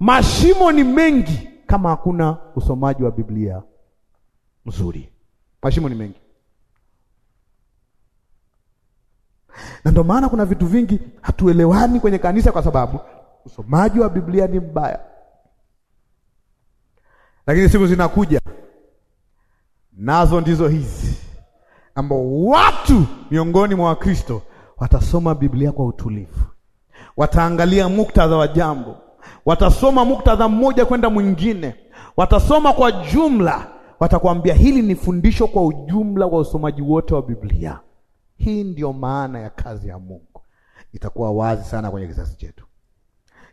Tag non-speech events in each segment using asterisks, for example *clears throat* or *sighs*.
Mashimo ni mengi kama hakuna usomaji wa Biblia mzuri. Mashimo ni mengi, na ndio maana kuna vitu vingi hatuelewani kwenye kanisa, kwa sababu usomaji wa Biblia ni mbaya. Lakini siku zinakuja nazo ndizo hizi, ambao watu miongoni mwa Wakristo watasoma Biblia kwa utulivu, wataangalia muktadha wa jambo watasoma muktadha mmoja kwenda mwingine, watasoma kwa jumla, watakwambia hili ni fundisho kwa ujumla wa usomaji wote wa Biblia. Hii ndiyo maana ya kazi ya Mungu. Itakuwa wazi sana kwenye kizazi chetu,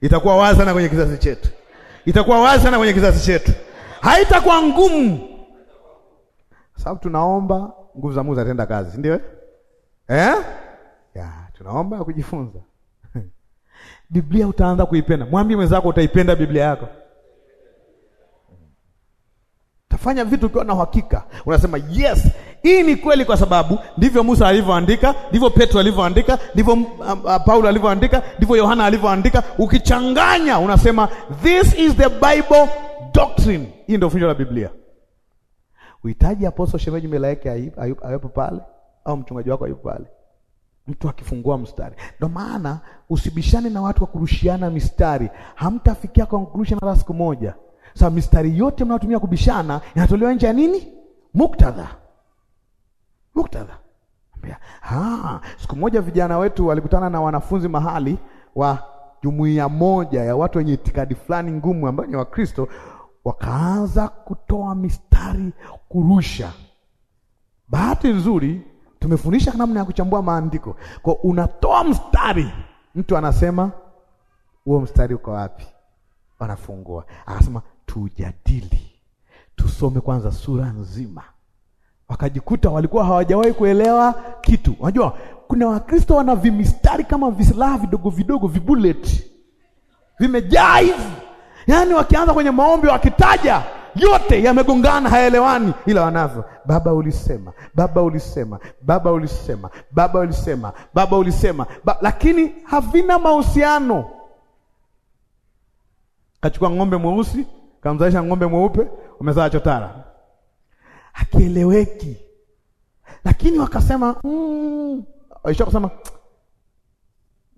itakuwa wazi sana kwenye kizazi chetu, itakuwa wazi sana kwenye kizazi chetu, haitakuwa ngumu, sababu tunaomba nguvu za Mungu zatenda kazi, si ndio eh? Ya, tunaomba kujifunza Biblia utaanza kuipenda. Mwambie mwenzako utaipenda Biblia yako. Tafanya vitu ukiwa na uhakika, unasema yes, hii ni kweli, kwa sababu ndivyo Musa alivyoandika, ndivyo Petro alivyoandika, ndivyo um, uh, uh, Paulo alivyoandika, ndivyo Yohana alivyoandika. Ukichanganya unasema this is the Bible doctrine. Hii ndio fundisho la Biblia. Uhitaji apostle, shemeji, malaika awepo pale, au mchungaji wako ayupo pale mtu akifungua mstari. Ndio maana usibishane na watu wa kurushiana mistari, hamtafikia conclusion hata siku moja. Sasa mistari yote mnayotumia kubishana inatolewa nje ya nini? Muktadha, muktadha. Ha, siku moja vijana wetu walikutana na wanafunzi mahali wa jumuiya moja ya watu wenye itikadi fulani ngumu ambao ni Wakristo, wakaanza kutoa mistari kurusha. Bahati nzuri Tumefundisha namna ya kuchambua maandiko. Kwa unatoa mstari, mtu anasema huo mstari uko wapi? Wanafungua, akasema tujadili, tusome kwanza sura nzima. Wakajikuta walikuwa hawajawahi kuelewa kitu. Unajua kuna Wakristo wana vimistari kama visilaha vidogo vidogo, vibullet vimejaa hivi, yaani wakianza kwenye maombi wakitaja yote yamegongana, haelewani ila wanavyo. Baba ulisema, Baba ulisema, Baba ulisema, Baba ulisema, Baba ulisema ba, lakini havina mahusiano. Kachukua ng'ombe mweusi kamzalisha ng'ombe mweupe, umezaa chotara, hakieleweki. Lakini wakasema mm, kusema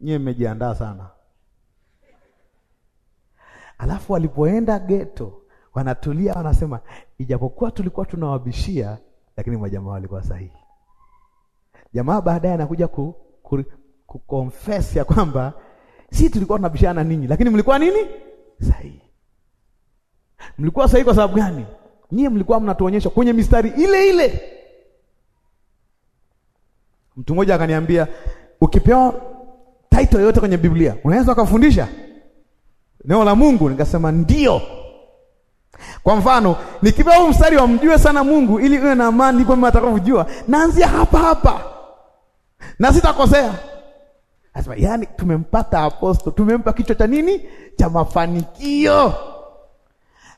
nyie mmejiandaa sana. Alafu walipoenda geto wanatulia, wanasema ijapokuwa tulikuwa tunawabishia, lakini majamaa walikuwa sahihi. Jamaa baadaye anakuja ku, ku, ku confess ya kwamba si tulikuwa tunabishana ninyi, lakini mlikuwa nini sahihi. Mlikuwa sahihi kwa sababu gani? Nyie mlikuwa mnatuonyesha kwenye mistari ile ile. Mtu mmoja akaniambia, ukipewa title yote kwenye Biblia unaweza ukafundisha neno la Mungu? Nikasema ndio. Kwa mfano, nikipewa huu mstari wa mjue sana Mungu ili uwe na amani, ndipo mimi atakavujua. Naanzia hapa hapa na sitakosea. Asema, yani tumempata aposto, tumempa kichwa cha nini cha mafanikio.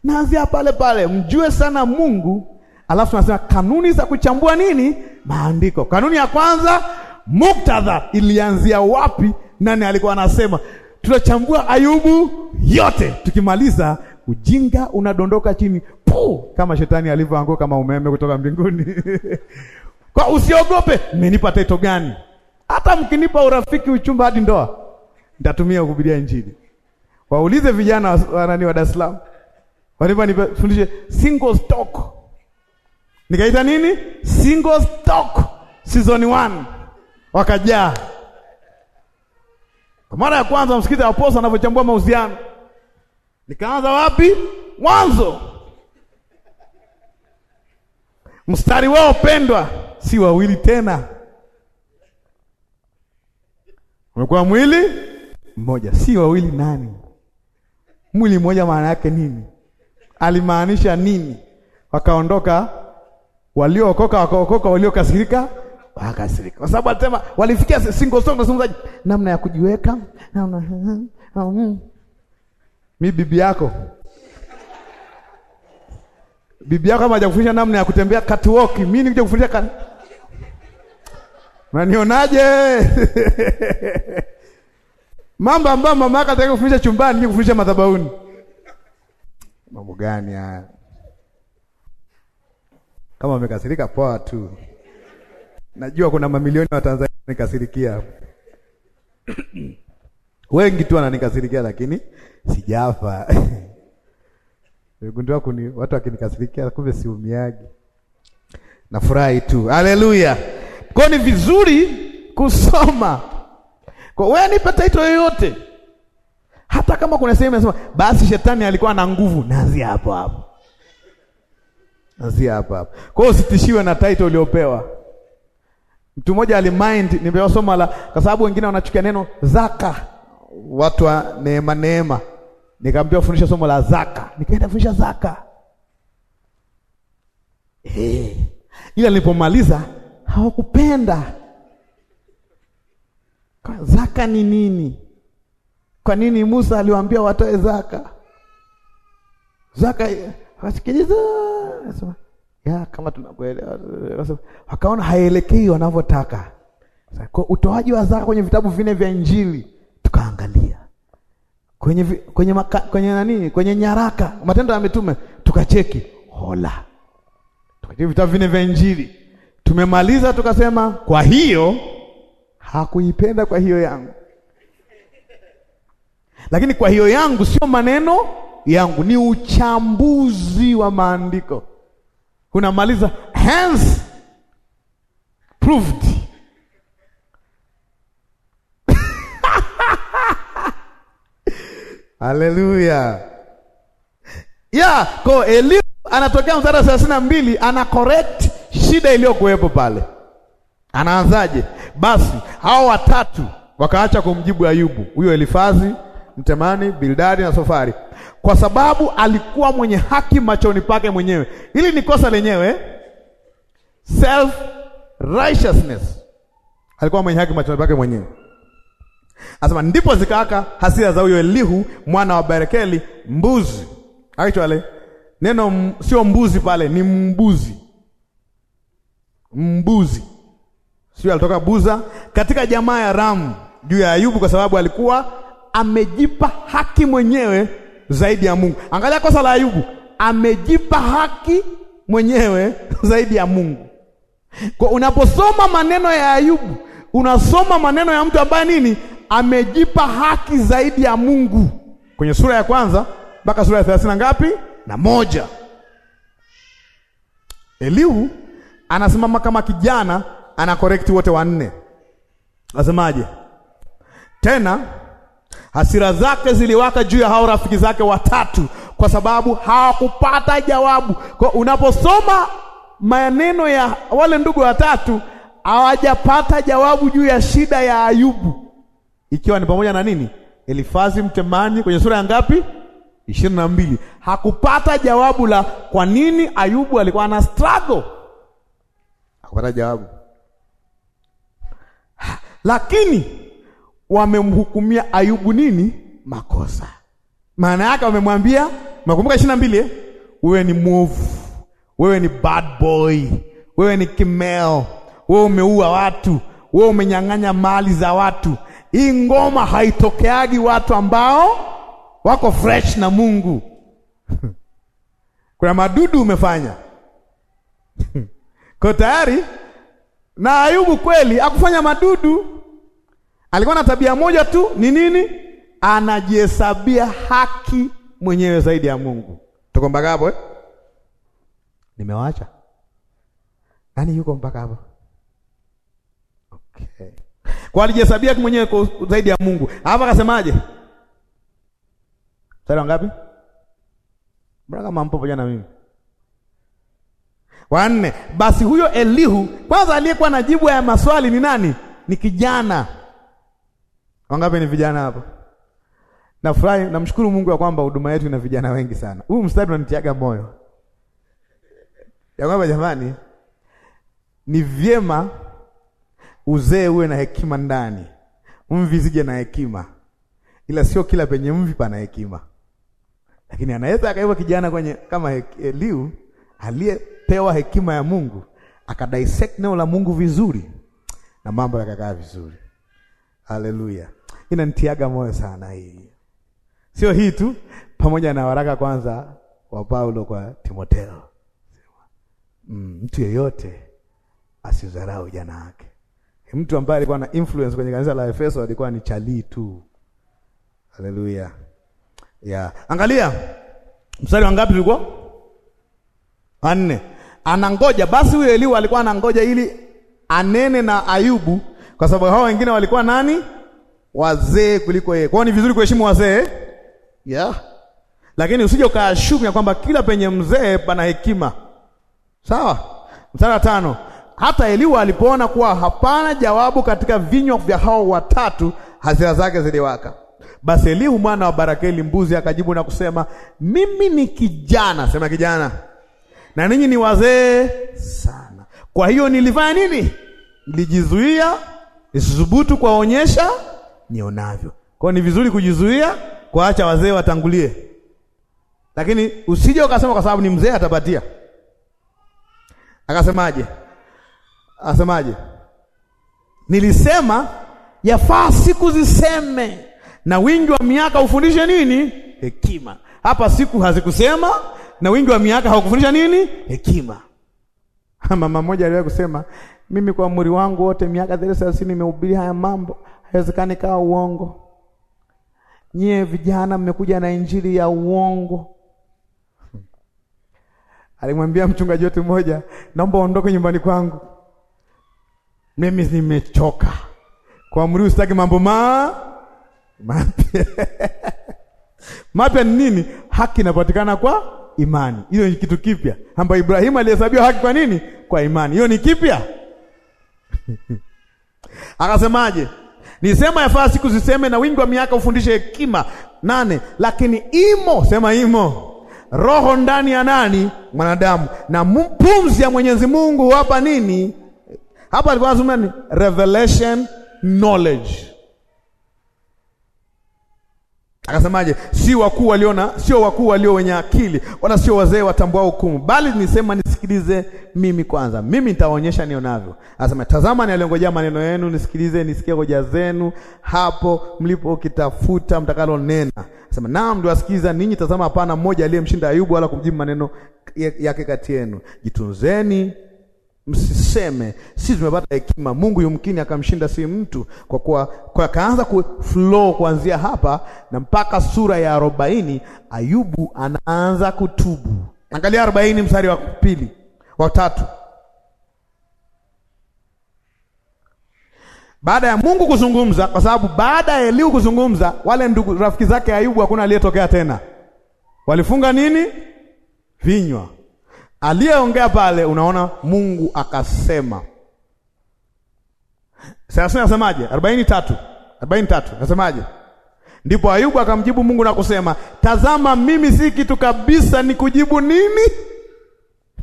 Naanzia pale pale, mjue sana Mungu, alafu nasema kanuni za kuchambua nini maandiko. Kanuni ya kwanza, muktadha, ilianzia wapi? Nani alikuwa anasema? Tutachambua Ayubu yote, tukimaliza ujinga unadondoka chini puu, kama shetani alivyoanguka kama umeme kutoka mbinguni. *laughs* Kwa usiogope, mmenipa taito gani? Hata mkinipa urafiki, uchumba hadi ndoa, nitatumia kuhubiria Injili. Waulize vijana wa nani wa Dar es Salaam walipo nifundishe single stock, nikaita nini single stock season 1 wakajaa. Kwa mara ya kwanza msikiti posa anavyochambua mahusiano Nikaanza wapi? Mwanzo. Mstari wao pendwa, si wawili tena, umekuwa mwili mmoja, si wawili. Nani mwili mmoja? Maana yake nini? Alimaanisha nini? Wakaondoka waliookoka, wakaokoka, waliokasirika wakasirika, kwa sababu alisema walifikia single song, nasema namna ya kujiweka namna *laughs* mm mi bibi yako bibi yako kama hajakufundisha namna ya kutembea catwalk, mimi nikuja kufundisha kan manionaje? *laughs* mambo ambayo mama yako ataka kufundisha chumbani, nije kufundisha madhabahuni. Mambo gani haya? Kama amekasirika poa tu, najua kuna mamilioni wa Tanzania nikasirikia *clears throat* Wengi tu wananikasirikia lakini sijafa. Nimegundua *laughs* kuni watu wakinikasirikia kumbe siumiaji. Nafurahi tu. Haleluya. Kwa ni vizuri kusoma. Kwa wewe nipata title yoyote. Hata kama kuna sehemu inasema basi shetani alikuwa na nguvu, naanzia hapo hapo. Naanzia hapo hapo. Kwa hiyo usitishiwe na title uliopewa. Mtu mmoja alimind nimewasoma la kwa sababu wengine wanachukia neno zaka watu wa neema neema, nikaambia fundisha somo la zaka, nikaenda fundisha zaka eh, Ila nilipomaliza hawakupenda. Kwa zaka ni nini? Kwa nini Musa aliwaambia watoe zaka? Zaka wasikiliza ya kama tunakuelewa, wakaona haielekei wanavyotaka. Kwa utoaji wa zaka kwenye vitabu vine vya Injili tukaangalia kwenye kwenye maka, kwenye nani kwenye nyaraka Matendo ya Mitume tukacheki hola, tukacheki vitabu vine vya Injili tumemaliza, tukasema kwa hiyo hakuipenda kwa hiyo yangu. Lakini kwa hiyo yangu sio maneno yangu, ni uchambuzi wa maandiko unamaliza, hence proved Haleluya. Yeah, ko Eliu anatokea mstari wa thelathini na mbili ana correct shida iliyokuwepo pale. Anaanzaje? Basi hao watatu wakaacha kumjibu Ayubu, huyo Elifazi Mtemani, Bildadi na Sofari, kwa sababu alikuwa mwenye haki machoni pake mwenyewe. Hili ni kosa lenyewe, self righteousness. Alikuwa mwenye haki machoni pake mwenyewe. Anasema ndipo zikaka hasira za huyo Elihu mwana wa Barekeli mbuzi. Actually neno sio mbuzi pale, ni mbuzi, mbuzi sio, alitoka Buza katika jamaa ya Ramu juu ya Ayubu, kwa sababu alikuwa amejipa haki mwenyewe zaidi ya Mungu. Angalia kosa la Ayubu, amejipa haki mwenyewe *laughs* zaidi ya Mungu. Kwa unaposoma maneno ya Ayubu, unasoma maneno ya mtu ambaye nini amejipa haki zaidi ya Mungu kwenye sura ya kwanza mpaka sura ya thelathini na ngapi na moja. Elihu anasimama kama kijana, ana korekti wote wanne. Nasemaje tena? Hasira zake ziliwaka juu ya hao rafiki zake watatu, kwa sababu hawakupata jawabu. Kwa unaposoma maneno ya wale ndugu watatu, hawajapata jawabu juu ya shida ya Ayubu ikiwa ni pamoja na nini? Elifazi Mtemani kwenye sura ya ngapi? ishirini na mbili. Hakupata jawabu la kwa nini Ayubu alikuwa ana struggle, hakupata jawabu ha, lakini wamemhukumia Ayubu nini? Makosa. Maana yake wamemwambia, mnakumbuka ishirini na mbili eh? Wewe ni mwovu, wewe ni bad boy, wewe ni kimeo, wewe umeua watu, wewe umenyang'anya mali za watu hii ngoma haitokeagi watu ambao wako fresh na Mungu. *laughs* Kuna madudu umefanya *laughs* kwa tayari. Na Ayubu kweli akufanya madudu, alikuwa na tabia moja tu, ni nini? Anajihesabia haki mwenyewe zaidi ya Mungu. Tuko mpaka hapo eh? Nimewacha nani yuko mpaka hapo? Okay. Kwa alijihesabia mwenyewe zaidi ya Mungu. Hapa akasemaje? mstari ngapi? Mbona kama mpo pamoja na mimi. Wanne. Basi huyo Elihu kwanza aliyekuwa na jibu ya maswali ni nani? Ni kijana. Wangapi ni vijana hapo? Nafurahi, namshukuru Mungu ya kwamba huduma yetu ina vijana wengi sana. Huu mstari unanitiaga moyo ya kwamba jamani, ni vyema Uzee uwe na hekima ndani, mvi zije na hekima, ila sio kila penye mvi pana hekima. Lakini anaweza akaiwa kijana kwenye kama Eliu eh, aliyepewa hekima ya Mungu akadissect neno la Mungu vizuri na mambo yakakaa vizuri. Haleluya, inanitiaga moyo sana hii. Sio hii tu, pamoja na waraka kwanza wa Paulo kwa Timoteo, mm, mtu mm, yeyote asidharau ujana wake. Mtu ambaye alikuwa na influence kwenye kanisa la Efeso alikuwa ni chali tu. Haleluya. Yeah. Angalia mstari wa ngapi ulikuwa? Anne. Anangoja basi, huyo eliu alikuwa anangoja ili anene na Ayubu kwa sababu hao wengine walikuwa nani? Wazee kuliko yeye. Kwao ni vizuri kuheshimu wazee. Yeah. Lakini usije ukaashumia kwamba kila penye mzee pana hekima. Sawa? Mstari wa tano. Hata Eliwa alipoona kuwa hapana jawabu katika vinywa vya hao watatu, hasira zake ziliwaka. Basi Elihu mwana wa Barakeli mbuzi akajibu na kusema, mimi ni kijana, sema kijana, na ninyi ni wazee sana. Kwa hiyo nilifanya nini? Nilijizuia nisithubutu kuwaonyesha nionavyo. Kwa hiyo ni vizuri kujizuia, kuacha wazee watangulie, lakini usije ukasema kwa sababu ni mzee atapatia. Akasemaje? asemaje? Nilisema yafaa siku ziseme na wingi wa miaka ufundishe nini? Hekima. Hapa siku hazikusema na wingi wa miaka haukufundisha nini? Hekima. *laughs* Mama mmoja aliwahi kusema, mimi kwa umri wangu wote miaka 30 nimehubiri haya mambo, haiwezekani kawa uongo. Nyie vijana mmekuja na injili ya uongo. *laughs* Alimwambia mchungaji wetu mmoja, naomba uondoke nyumbani kwangu mimi nimechoka mri, usitaki mambo ma mapya *laughs* mapya ni nini? Haki inapatikana kwa imani. Hiyo ni kitu kipya ambayo Ibrahimu alihesabiwa haki kwa nini? Kwa imani. Hiyo ni kipya *laughs* akasemaje? Nisema yafaa siku ziseme, na wingi wa miaka ufundishe hekima. Nane, lakini imo sema imo roho ndani ya nani? Mwanadamu, na pumzi ya Mwenyezi Mungu hapa nini? Hapa alikuwa anasema ni revelation knowledge. Akasemaje? Si wakuu waliona, sio wakuu walio wenye akili, wala sio wazee watambua hukumu, bali nisema, nisikilize mimi kwanza, mimi nitawaonyesha nionavyo. Anasema, tazama ni maneno yenu, nisikilize, nisikie hoja zenu hapo mlipo kitafuta mtakalonena. Anasema, naam, ndio asikiliza ninyi. Tazama, hapana mmoja aliyemshinda Ayubu, wala kumjibu maneno yake kati yenu. Jitunzeni msiseme sisi tumepata hekima. Mungu yumkini akamshinda si mtu, kwa kuwa kwa kaanza ku flow kuanzia hapa na mpaka sura ya arobaini Ayubu anaanza kutubu. Angalia arobaini mstari wa pili wa tatu. Baada ya Mungu kuzungumza, kwa sababu baada ya Eliu kuzungumza, wale ndugu rafiki zake Ayubu hakuna aliyetokea tena, walifunga nini vinywa aliyeongea pale, unaona Mungu akasema. Sasa nasemaje? arobaini tatu arobaini tatu nasemaje? Ndipo Ayubu akamjibu Mungu na kusema, tazama, mimi si kitu kabisa, ni kujibu nini?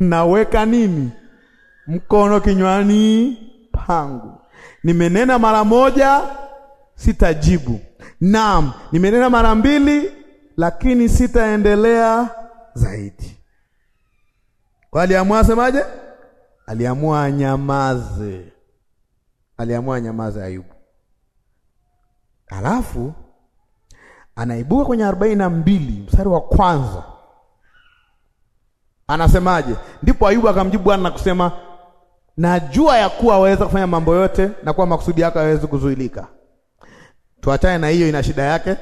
Naweka nini mkono kinywani pangu, nimenena mara moja, sitajibu. Naam, nimenena mara mbili, lakini sitaendelea zaidi. Kwa aliamua asemaje? Aliamua anyamaze, aliamua anyamaze Ayubu. Alafu anaibuka kwenye arobaini na mbili mstari wa kwanza anasemaje? Ndipo Ayubu akamjibu Bwana na kusema, najua ya kuwa waweza kufanya mambo yote na kuwa makusudi yako hayawezi kuzuilika. Tuachane na hiyo, ina shida yake.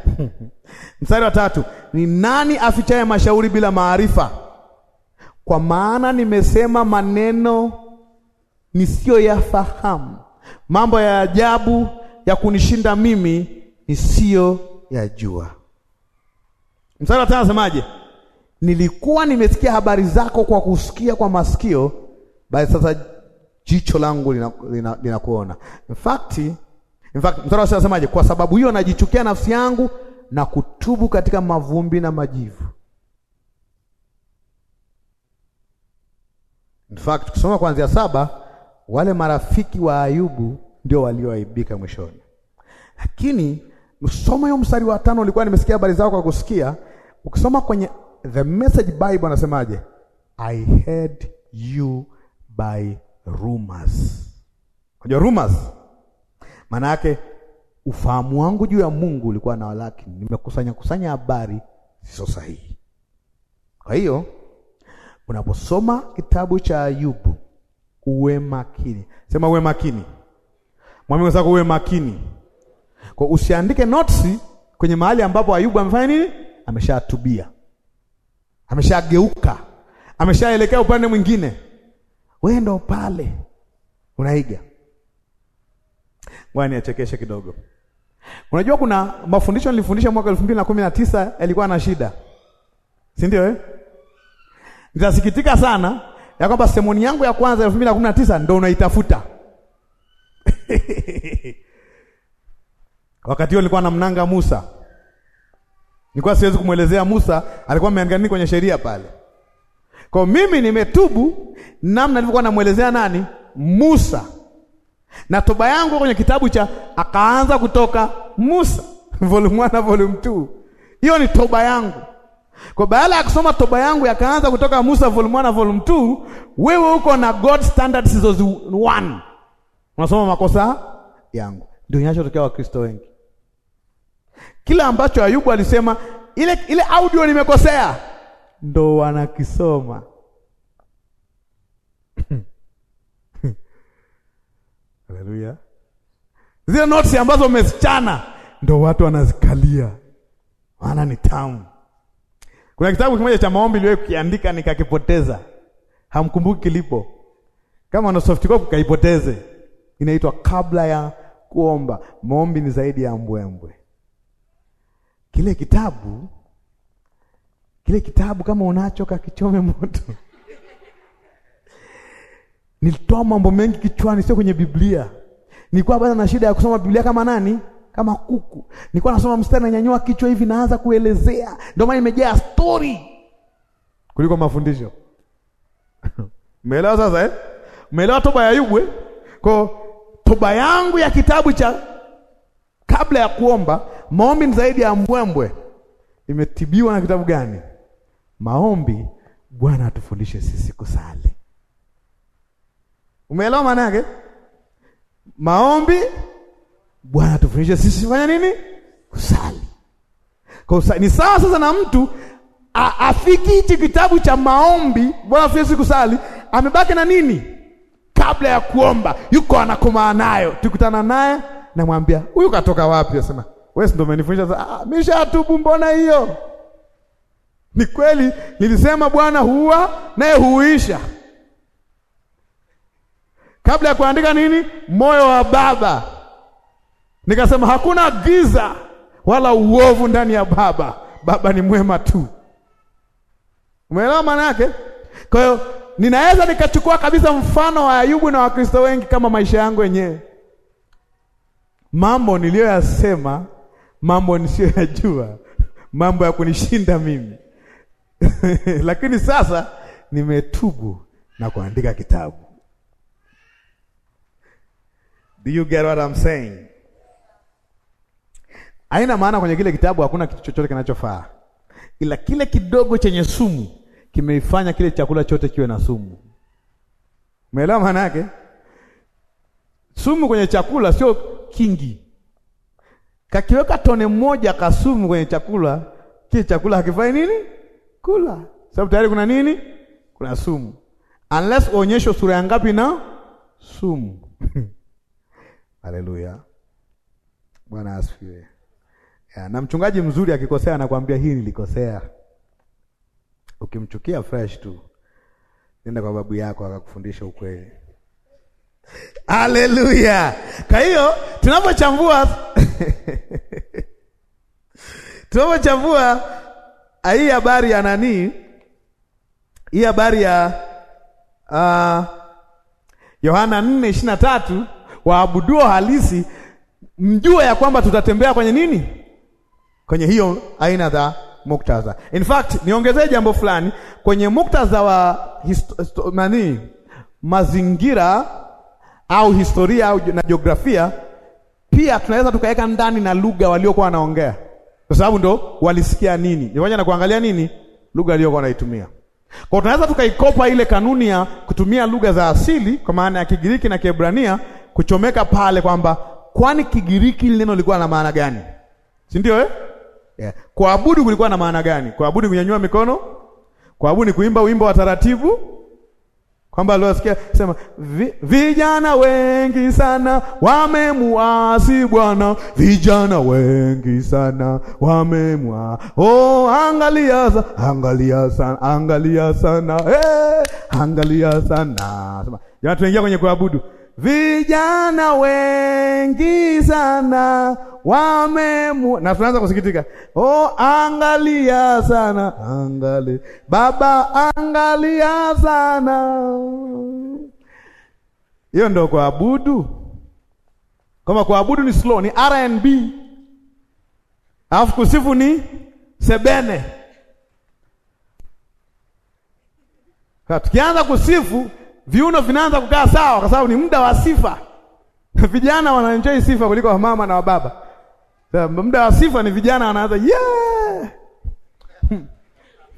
*laughs* mstari wa tatu, ni nani afichaye mashauri bila maarifa? Kwa maana nimesema maneno nisiyoyafahamu, mambo ya ajabu ya kunishinda mimi nisiyoyajua. Mstari wa tano anasemaje? Nilikuwa nimesikia habari zako kwa kusikia kwa masikio, bali sasa jicho langu linakuona lina, lina in fact, in fact, mstari wa sita Kwa sababu hiyo najichukia nafsi yangu na kutubu katika mavumbi na majivu. In fact kusoma kuanzia saba, wale marafiki wa Ayubu ndio walioaibika mwishoni, lakini msoma hiyo mstari wa tano, ulikuwa nimesikia habari zao kwa kusikia. Ukisoma kwenye the message Bible anasemaje? I heard you by rumors. Unajua rumors maana yake ufahamu wangu juu ya Mungu ulikuwa na walaki, nimekusanya kusanya habari zisizo sahihi. Kwa hiyo Unaposoma kitabu cha Ayubu uwe makini. Sema uwe makini, mwambie wenzako uwe makini, kwa usiandike notes kwenye mahali ambapo Ayubu amefanya nini? Ameshatubia, ameshageuka, ameshaelekea upande mwingine. Wewe ndo pale unaiga. Bwana niachekeshe kidogo. Unajua kuna mafundisho nilifundisha mwaka elfu mbili na kumi na tisa yalikuwa na shida, si ndio eh? Nitasikitika sana ya kwamba semoni yangu ya kwanza elfu mbili na kumi na tisa ndo unaitafuta *laughs* wakati huo nilikuwa namnanga Musa, nilikuwa siwezi kumwelezea Musa, alikuwa ameandika nini kwenye sheria pale. Kwa mimi nimetubu namna nilivyokuwa namwelezea nani Musa, na toba yangu kwenye kitabu cha akaanza kutoka Musa *laughs* volume 1 na volume 2. Hiyo ni toba yangu. Kwa baada ya kusoma toba yangu yakaanza kutoka Musa volume 1 volume 2, wewe uko na God standards hizo 1. Unasoma makosa yangu. Ndio inachotokea wa Kristo wengi. Kila ambacho Ayubu alisema ile ile audio nimekosea ndo wanakisoma. *laughs* Haleluya. Zile notes ambazo umezichana ndo watu wanazikalia. Maana ni tamu. Kuna kitabu kimoja cha maombi niliwahi kukiandika nikakipoteza. Hamkumbuki kilipo. Kama una soft copy kaipoteze. Inaitwa kabla ya kuomba. Maombi ni zaidi ya mbwembwe. Kile kitabu kile kitabu kama unacho kakichome moto. Nilitoa mambo mengi kichwani, sio kwenye Biblia. Nilikuwa bado na shida ya kusoma Biblia kama nani? kama kuku. Nilikuwa nasoma mstari, nyanyua kichwa hivi, naanza kuelezea. Ndio maana imejaa stori kuliko mafundisho *laughs* Umeelewa sasa eh? Umeelewa toba ya Ayubu eh? Kwa toba yangu ya kitabu cha kabla ya kuomba maombi ni zaidi ya mbwembwe, imetibiwa na kitabu gani? Maombi. Bwana atufundishe sisi kusali. Umeelewa maana yake? Maombi Bwana tufundishe sisi fanya nini? Kusali. Kwa ni sawa sasa na mtu afiki hichi kitabu cha maombi, Bwana tufundishe kusali, amebaki na nini? Kabla ya kuomba yuko anakomaa nayo, tukutana naye namwambia huyu katoka wapi? Anasema, wewe ndio umenifundisha sasa. Ah, mishatubu mbona hiyo? Ni kweli nilisema Bwana huwa naye huisha. Kabla ya kuandika nini? Moyo wa Baba Nikasema hakuna giza wala uovu ndani ya Baba. Baba ni mwema tu. Umeelewa maana yake? Kwa hiyo ninaweza nikachukua kabisa mfano wa Ayubu na Wakristo wengi kama maisha yangu yenyewe Mambo niliyoyasema, mambo nisiyoyajua, mambo ya kunishinda mimi *laughs* lakini sasa nimetubu na kuandika kitabu. Do you get what I'm saying? haina maana kwenye kile kitabu hakuna kitu chochote kinachofaa, ila kile kidogo chenye sumu kimeifanya kile chakula chote kiwe na sumu. Umeelewa maana yake? Sumu kwenye chakula sio kingi. Kakiweka tone moja ka sumu kwenye chakula, kile chakula hakifai nini? Kula, sababu tayari kuna nini? Kuna sumu. Unless uonyeshe sura ya ngapi na sumu. *laughs* Haleluya! Bwana asifiwe. Yeah, na mchungaji mzuri akikosea anakuambia hii nilikosea. Ukimchukia fresh tu, nenda kwa babu yako akakufundisha ukweli. Haleluya! Kwa hiyo tunapochambua *laughs* tunapochambua ah, hii habari ya nani, hii habari ya ah, Yohana uh, 4:23 waabuduo halisi mjue ya kwamba tutatembea kwenye nini kwenye hiyo aina za muktadha. In fact, niongezee jambo fulani kwenye muktadha wa nani, mazingira au historia au na jiografia pia tunaweza tukaweka ndani na lugha waliokuwa wanaongea, kwa sababu ndo walisikia nini pamoja na kuangalia nini lugha waliokuwa wanaitumia. Kwa tunaweza tukaikopa ile kanuni ya kutumia lugha za asili kwa maana ya Kigiriki na Kiebrania kuchomeka pale kwamba kwani Kigiriki neno lilikuwa na maana gani, si ndio eh? Yeah. Kuabudu kulikuwa na maana gani? Kuabudu kunyanyua mikono? Kuabudu ni kuimba wimbo wa taratibu? Kwamba aliwasikia sema vi, vijana wengi sana wamemuasi Bwana, vijana wengi sana wamemwa. Oh, angalia sana, angalia sana, angalia sana. Hey, angalia sana. Sema, watu yaani kwenye kuabudu vijana wengi sana wamemu na tunaanza kusikitika. Oh, angalia sana, angalia baba, angalia sana. Hiyo ndio kuabudu. Kama kuabudu ni slow, ni R&B, alafu kusifu ni sebene. Tukianza kusifu viuno vinaanza kukaa sawa, kwa sababu ni muda wa sifa. *laughs* Vijana wanaenjoy sifa kuliko wamama na wababa. Muda wa sifa ni vijana wanaanza yeah. Hmm.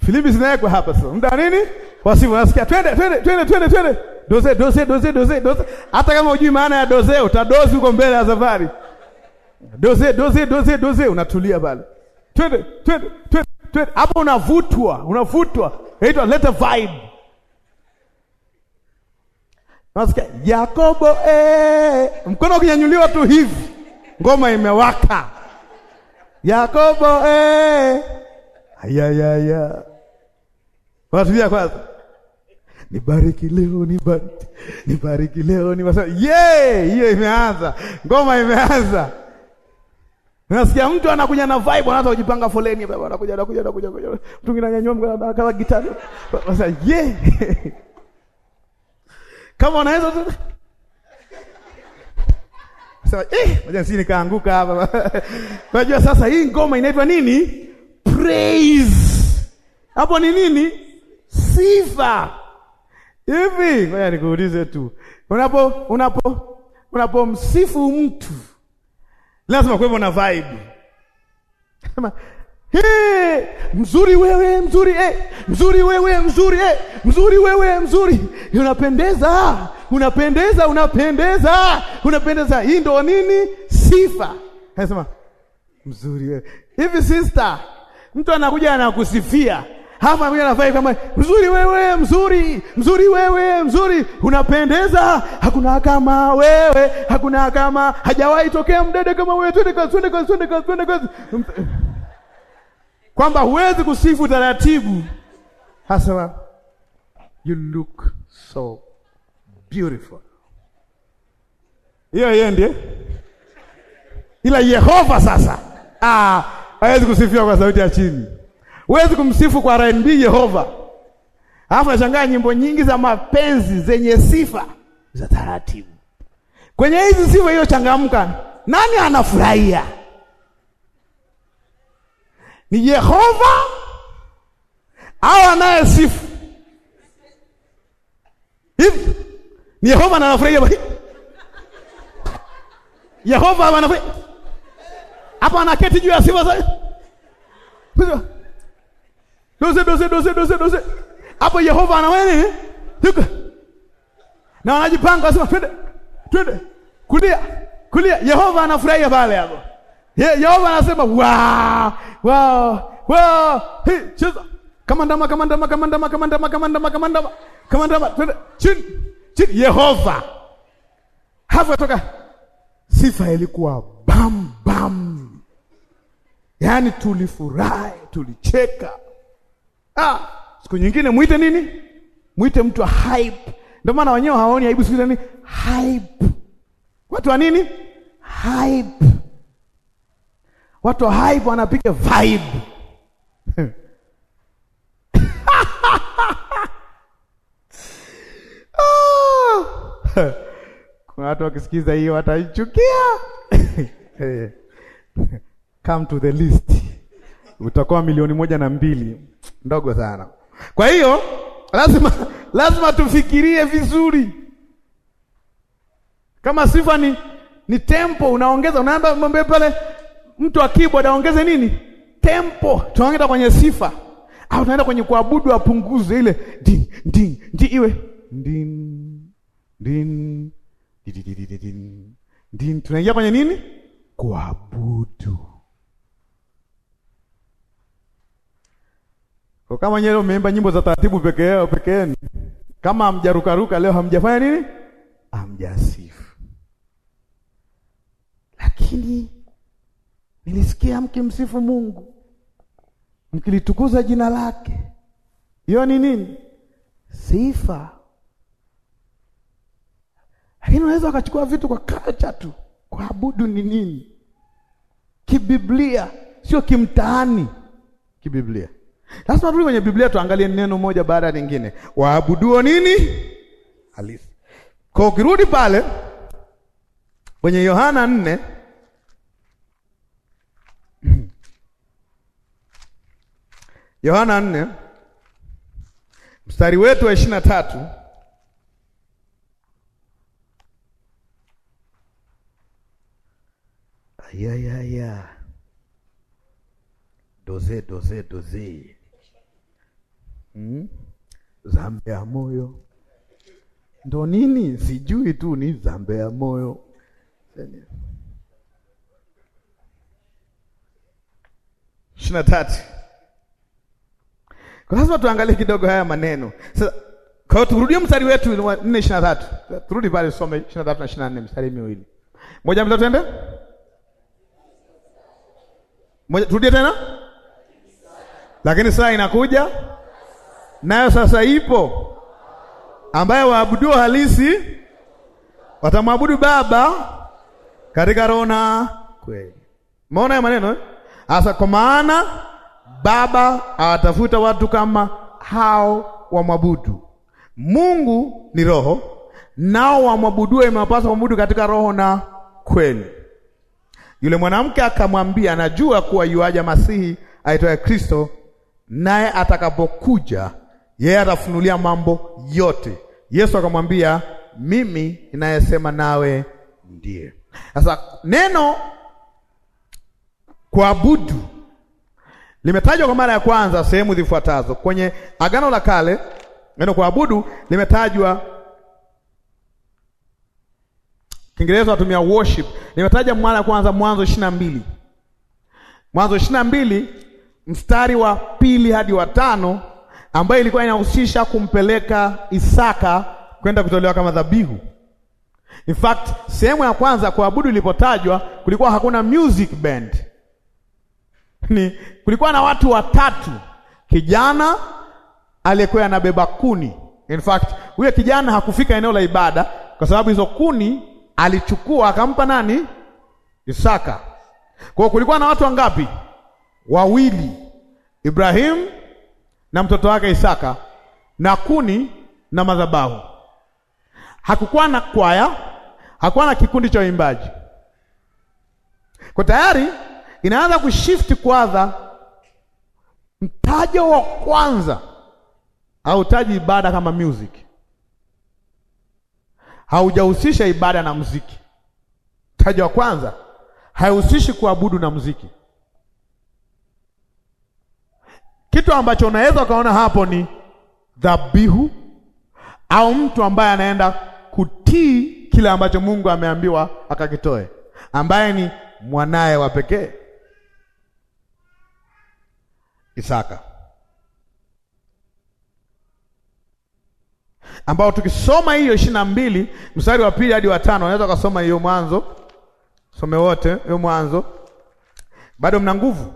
Filipi zinawekwa hapa sasa. Muda nini? Wa sifa unasikia twende twende twende twende twende. Doze doze doze doze doze. Hata kama hujui maana ya doze utadozi huko mbele ya safari. Doze doze doze doze unatulia pale. Twende twende twende twende. Hapo unavutwa, unavutwa. Inaitwa let a vibe. Unasikia Yakobo eh, mkono ukinyanyuliwa tu hivi ngoma imewaka. Yakobo eh, ayayaya, watulia kwanza, nibariki leo, nibariki, nibariki leo, ni nibariki ye, hiyo imeanza, ngoma imeanza. Nasikia mtu anakuja na vibe, anaanza kujipanga foleni, baba anakuja, anakuja, anakuja, mtu mwingine ananyanyua mkono, anakaza gitari, sasa ye kama wanaweza tu sasa. Eh, sisi nikaanguka hapa. *laughs* Unajua sasa hii ngoma inaitwa nini? Praise. Hapo ni nini? Sifa. Hivi, ngoja nikuulize tu. Unapo unapo unapomsifu mtu lazima kuwepo na vibe. Hey, eh, mzuri wewe mzuri eh, mzuri wewe mzuri eh, mzuri wewe mzuri, unapendeza unapendeza unapendeza unapendeza. Hii ndo nini? Sifa. Anasema mzuri wewe. Hivi sister, mtu anakuja anakusifia hapa mimi nafai kama mzuri wewe mzuri mzuri wewe mzuri unapendeza, hakuna kama wewe, hakuna kama hajawahi tokea mdede kama wewe. Twende kazi, twende kazi, twende kazi, twende kazi kwamba huwezi kusifu taratibu Hasema you look so beautiful, hiyo yeye ndiye. Ila Yehova sasa, ah, hawezi kusifiwa kwa sauti ya chini. Huwezi kumsifu kwa R&B Yehova, alafu nashangaa nyimbo nyingi za mapenzi zenye sifa za taratibu. Kwenye hizi sifa hiyo changamka, nani anafurahia? ni Yehova au anayesifu hivi? Ni Yehova na anafurahia bali Yehova anafurahia hapa, anaketi juu ya sifa sasa. Doze doze doze doze doze hapo, Yehova anaweni na wanajipanga, wasema twende twende kulia kulia, Yehova anafurahia pale hapo. Ye, Yehova anasema wow, wow, wow. Hey, cheza. Kama ndama kama ndama kama ndama kama ndama kama ndama kama ndama kama ndama chini chini Yehova. Hapo toka sifa ilikuwa bam bam. Yaani tulifurahi, tulicheka. Ah, siku nyingine muite nini? Muite mtu wa hype. Ndio maana wenyewe hawaoni aibu siku hizi hype. Watu wa nini? Hype watu wa hype wanapiga vibe *laughs* kuna watu wakisikiza hiyo wataichukia. *laughs* Come to the list, utakuwa milioni moja na mbili, ndogo sana. Kwa hiyo lazima lazima tufikirie vizuri. Kama sifa ni ni tempo, unaongeza unaambia mambo pale mtu wa keyboard aongeze nini tempo, tunaenda kwenye sifa au tunaenda kwenye kuabudu, apunguze ile din din din, iwe din din din din, tunaingia kwenye nini kuabudu. Kwa kama nyewe umeimba nyimbo za taratibu peke yao peke yenu, kama hamjarukaruka leo, hamjafanya nini, hamjasifu, lakini Nilisikia mkimsifu Mungu, mkilitukuza jina lake. Hiyo ni nini? Sifa. Lakini unaweza wakachukua vitu kwa kacha tu. Kuabudu ni nini? Kibiblia, sio kimtaani. Kibiblia lazima turudi kwenye Biblia tuangalie neno moja baada ya lingine. Waabuduo nini halisi? Kwa ukirudi pale kwenye Yohana nne Yohana nne mstari wetu wa ishirini na tatu ayayaya doze doze doze hmm? zambe ya moyo ndo nini? Sijui tu ni zambe ya moyo ishirini na tatu kwa lazima tuangalie kidogo haya maneno. Sasa kwa hiyo turudie mstari wetu 4:23. Turudi pale some 23 na 24 mstari miwili. Moja mbili tuende? Moja turudie tena? Lakini saa inakuja nayo sasa ipo ambaye waabudu halisi watamwabudu Baba katika roho na kweli. ya maneno? Eh? Asa kwa maana Baba awatafuta watu kama hao wamwabudu. Mungu ni roho, nao wamwabudue imewapasa kumwabudu katika roho na kweli. Yule mwanamke akamwambia, anajua kuwa yuaja Masihi aitwaye Kristo, naye atakapokuja yeye atafunulia mambo yote. Yesu akamwambia, mimi ninayesema nawe ndiye. Sasa neno kuabudu limetajwa kwa mara ya kwanza sehemu zifuatazo kwenye Agano la Kale. Neno kuabudu limetajwa Kiingereza watumia worship, limetajwa mara ya kwanza Mwanzo ishirini na mbili Mwanzo ishirini na mbili mstari wa pili hadi wa tano ambayo ilikuwa inahusisha kumpeleka Isaka kwenda kutolewa kama dhabihu. In fact, sehemu ya kwanza kuabudu ilipotajwa kulikuwa hakuna music band ni kulikuwa na watu watatu, kijana aliyekuwa anabeba kuni. In fact huyo kijana hakufika eneo la ibada kwa sababu hizo kuni alichukua akampa nani? Isaka. Kwa hiyo kulikuwa na watu wangapi? Wawili, Ibrahimu na mtoto wake Isaka, na kuni na madhabahu. Hakukuwa na kwaya, hakukuwa na kikundi cha uimbaji, kwa tayari inaanza kushift kwadha mtajo wa kwanza hautaji ibada kama music, haujahusisha ibada na muziki. Mtajo wa kwanza haihusishi kuabudu na muziki. Kitu ambacho unaweza ukaona hapo ni dhabihu au mtu ambaye anaenda kutii kile ambacho Mungu ameambiwa akakitoe, ambaye ni mwanaye wa pekee. Isaka, ambao tukisoma hiyo ishirini na mbili mstari wa pili hadi wa tano unaweza ukasoma hiyo Mwanzo, some wote hiyo Mwanzo, bado mna nguvu.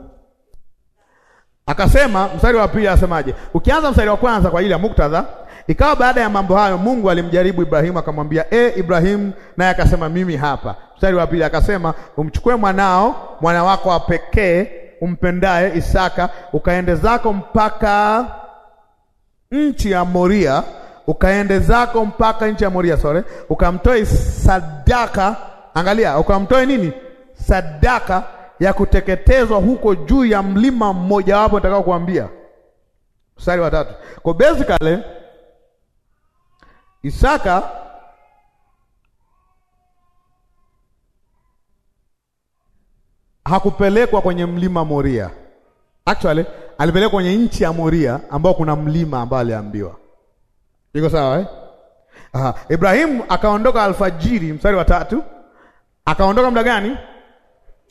Akasema mstari wa pili asemaje? Ukianza mstari wa kwanza kwa ajili ya muktadha, ikawa baada ya mambo hayo Mungu alimjaribu Ibrahimu akamwambia, e Ibrahimu, naye akasema mimi hapa. Mstari wa pili akasema, umchukue mwanao, mwana wako wa pekee umpendaye Isaka, ukaende zako mpaka nchi ya Moria, ukaende zako mpaka nchi ya Moria, sore ukamtoe sadaka. Angalia, ukamtoe nini? Sadaka ya kuteketezwa huko juu ya mlima mmojawapo nitakao kuambia. Mstari wa tatu. Kwa basically Isaka hakupelekwa kwenye mlima Moria. Actually, alipelekwa kwenye nchi ya Moria ambao kuna mlima ambao aliambiwa. Iko sawa eh? Aha. Ibrahimu akaondoka alfajiri, mstari wa tatu. Akaondoka muda gani?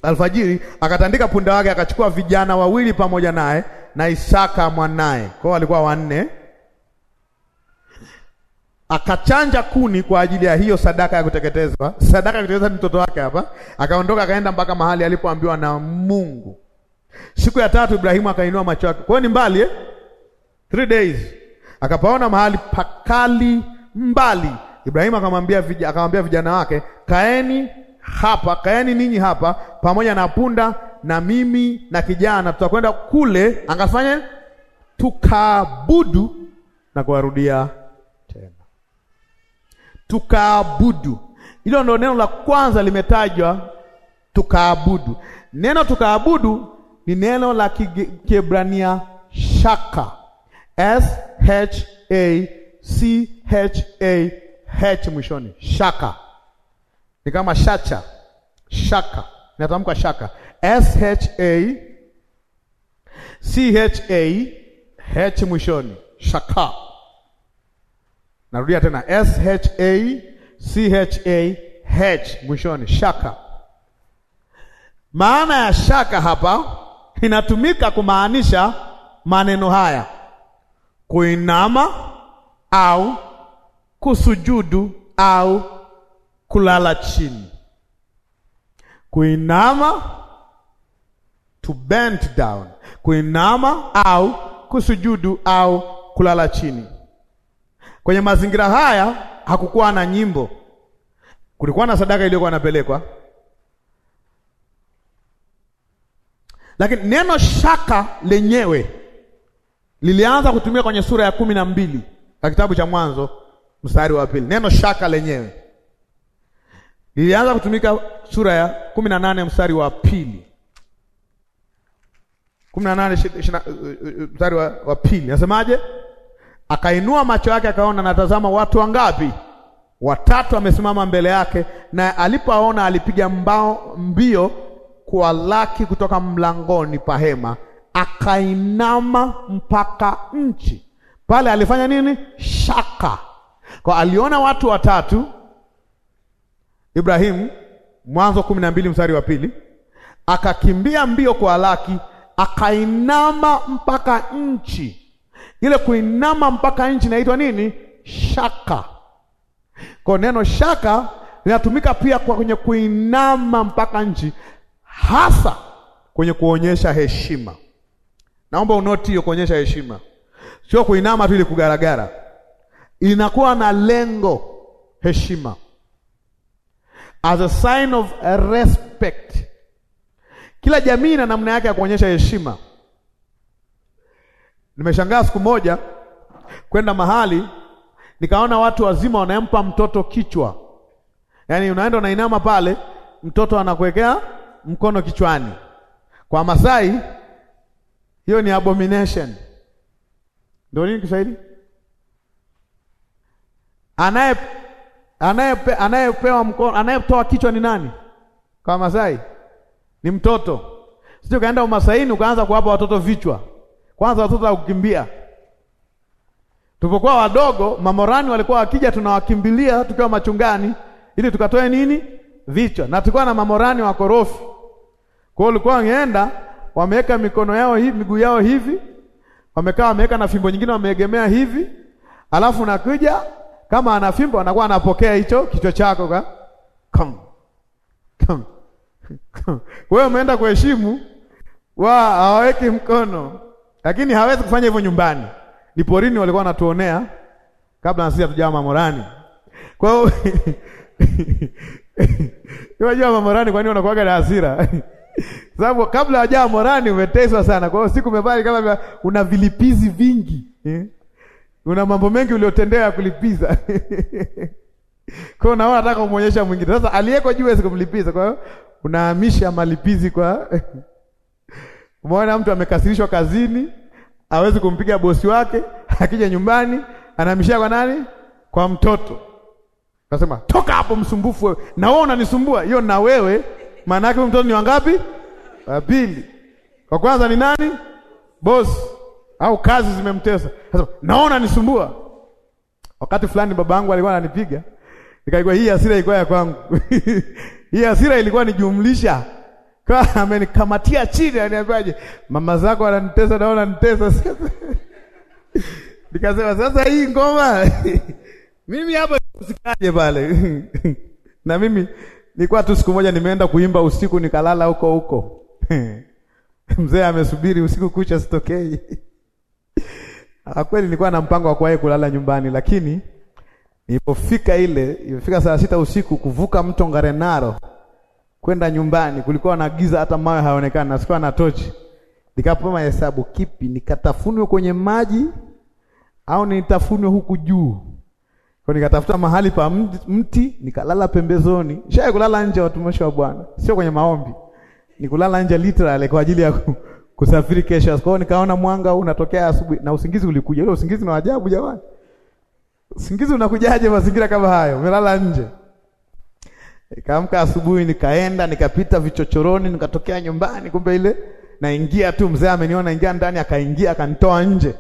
Alfajiri, akatandika punda wake, akachukua vijana wawili pamoja naye na Isaka mwanaye. Kwao walikuwa wanne akachanja kuni kwa ajili ya hiyo sadaka ya kuteketezwa. Sadaka ya kuteketezwa ni mtoto wake hapa. Akaondoka akaenda mpaka mahali alipoambiwa na Mungu. Siku ya tatu Ibrahimu akainua macho yake. Kwa hiyo ni mbali eh? Three days. Akapaona mahali pakali mbali. Ibrahimu akamwambia vijana, akamwambia vijana wake, kaeni hapa, kaeni ninyi hapa pamoja na punda na mimi na kijana tutakwenda kule, angafanye tukaabudu na kuwarudia tena tukaabudu. Hilo ndio neno la kwanza limetajwa, tukaabudu. Neno tukaabudu ni neno la Kiebrania shaka, S H A C H A H mwishoni, shaka ni kama shacha, shaka natamka shaka, S H A C H A H mwishoni, shaka Narudia tena S H A C H A H mwishoni, shaka. Maana ya shaka hapa inatumika kumaanisha maneno haya: kuinama au kusujudu au kulala chini. Kuinama, to bend down, kuinama au kusujudu au kulala chini. Kwenye mazingira haya hakukuwa na nyimbo, kulikuwa na sadaka iliyokuwa inapelekwa, lakini neno shaka lenyewe lilianza kutumia kwenye sura ya kumi na mbili ya kitabu cha Mwanzo mstari wa pili. Neno shaka lenyewe lilianza kutumika sura ya kumi na nane mstari wa pili kumi na nane eh, eh, mstari wa, wa pili nasemaje? Akainua macho yake akaona, natazama watu wangapi? Watatu amesimama mbele yake, na alipoona alipiga mbao mbio laki kutoka mlangoni pa hema, akainama mpaka nchi. Pale alifanya nini? Shaka. Kwa aliona watu watatu, Ibrahimu, Mwanzo kumi na mbili mstari wa pili, akakimbia mbio laki akainama mpaka nchi ile kuinama mpaka nchi inaitwa nini? Shaka. Kwa neno shaka linatumika pia kwa kwenye kuinama mpaka nchi, hasa kwenye kuonyesha heshima. Naomba unoti hiyo, kuonyesha heshima, sio kuinama tu ili kugaragara. Inakuwa na lengo, heshima, as a sign of respect. Kila jamii ina namna yake ya kuonyesha heshima. Nimeshangaa siku moja kwenda mahali nikaona watu wazima wanampa mtoto kichwa, yaani unaenda unainama pale, mtoto anakuwekea mkono kichwani. Kwa Masai hiyo ni abomination, ndio nini Kiswahili? Anaye anayepe anayepewa mkono, anayetoa kichwa ni nani? Kwa Masai ni mtoto. Sio kaenda Umasaini ukaanza kuwapa watoto vichwa kwanza watoto kukimbia. Tulipokuwa wadogo, mamorani walikuwa wakija, tunawakimbilia tukiwa machungani ili tukatoe nini vichwa, na tulikuwa na mamorani wakorofi. Kwa hiyo walikuwa wangeenda wameweka mikono yao hivi, miguu yao hivi, wamekaa wameweka na fimbo nyingine wameegemea hivi, alafu nakuja kama ana fimbo anakuwa anapokea hicho kichwa chako ka come come. Wewe umeenda kuheshimu, wa hawaweki mkono lakini hawezi kufanya hivyo nyumbani. Ni porini walikuwa wanatuonea kabla na sisi hatujawa mamorani. Kwa hiyo *laughs* unajua mamorani, kwa nini unakuwaga na hasira? *laughs* Sababu kabla hajawa morani umeteswa sana. Kwa hiyo siku umebali kama una vilipizi vingi eh? Una mambo mengi uliotendewa ya kulipiza *laughs* kwa naona nataka kumuonyesha mwingine. Sasa aliyeko juu hawezi kumlipiza, kwa hiyo unahamisha malipizi kwa Umeona mtu amekasirishwa kazini, hawezi kumpiga bosi wake, akija nyumbani anahamishia kwa nani? Kwa mtoto. Nasema toka hapo, msumbufu wewe, na wewe unanisumbua. Hiyo na wewe, maana yake mtoto ni wangapi? Wa pili. Kwa kwanza ni nani? Bosi au kazi zimemtesa. Sasa naona nisumbua. Wakati fulani babangu alikuwa ananipiga, nikaikuwa hii hasira ilikuwa ya kwangu *laughs* hii hasira ilikuwa nijumlisha amenikamatia chini, aniambiaje, mama zako wananitesa na wananitesa sasa. *laughs* Nikasema sasa hii ngoma *laughs* mimi hapo sikaje pale *laughs* na mimi nilikuwa tu siku moja nimeenda kuimba usiku nikalala huko huko mzee amesubiri usiku kucha sitokei. Ah, kweli nilikuwa na mpango wa kuwahi kulala nyumbani, lakini nilipofika ile ilifika saa sita usiku kuvuka mto Ngarenaro kwenda nyumbani kulikuwa na giza, hata mawe hayaonekani, na sikuwa na tochi. Nikapoma hesabu kipi, nikatafunwe kwenye maji au nitafunwe huku juu? Kwa nikatafuta mahali pa mti nikalala pembezoni. Shaye kulala nje, watumishi wa Bwana, sio kwenye maombi, nikulala nje literally kwa ajili ya kusafiri kesho. Kwa nikaona mwanga unatokea asubuhi na usingizi ulikuja. Ule usingizi na ajabu jamani, usingizi unakujaje mazingira kama hayo? Umelala nje Nikaamka asubuhi nikaenda nikapita vichochoroni nikatokea nyumbani, kumbe ile naingia tu, mzee ameniona ingia ndani, akaingia akanitoa nje,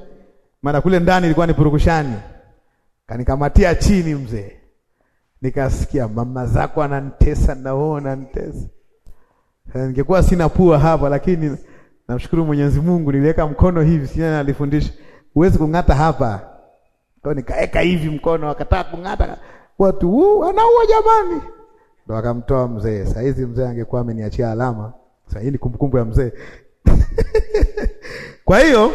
maana kule ndani ilikuwa ni purukushani. Kanikamatia chini mzee, nikasikia mama zako ananitesa na wewe unanitesa. Eh, ningekuwa sina pua hapa, lakini namshukuru Mwenyezi Mungu niliweka mkono hivi, sina alifundisha huwezi kung'ata hapa, kwa nikaeka hivi mkono, akataa kung'ata, watu anaua jamani ndo akamtoa mzee. Sasa hizi mzee angekuwa ameniachia alama, sasa hii ni kumbukumbu ya mzee *laughs* kwa hiyo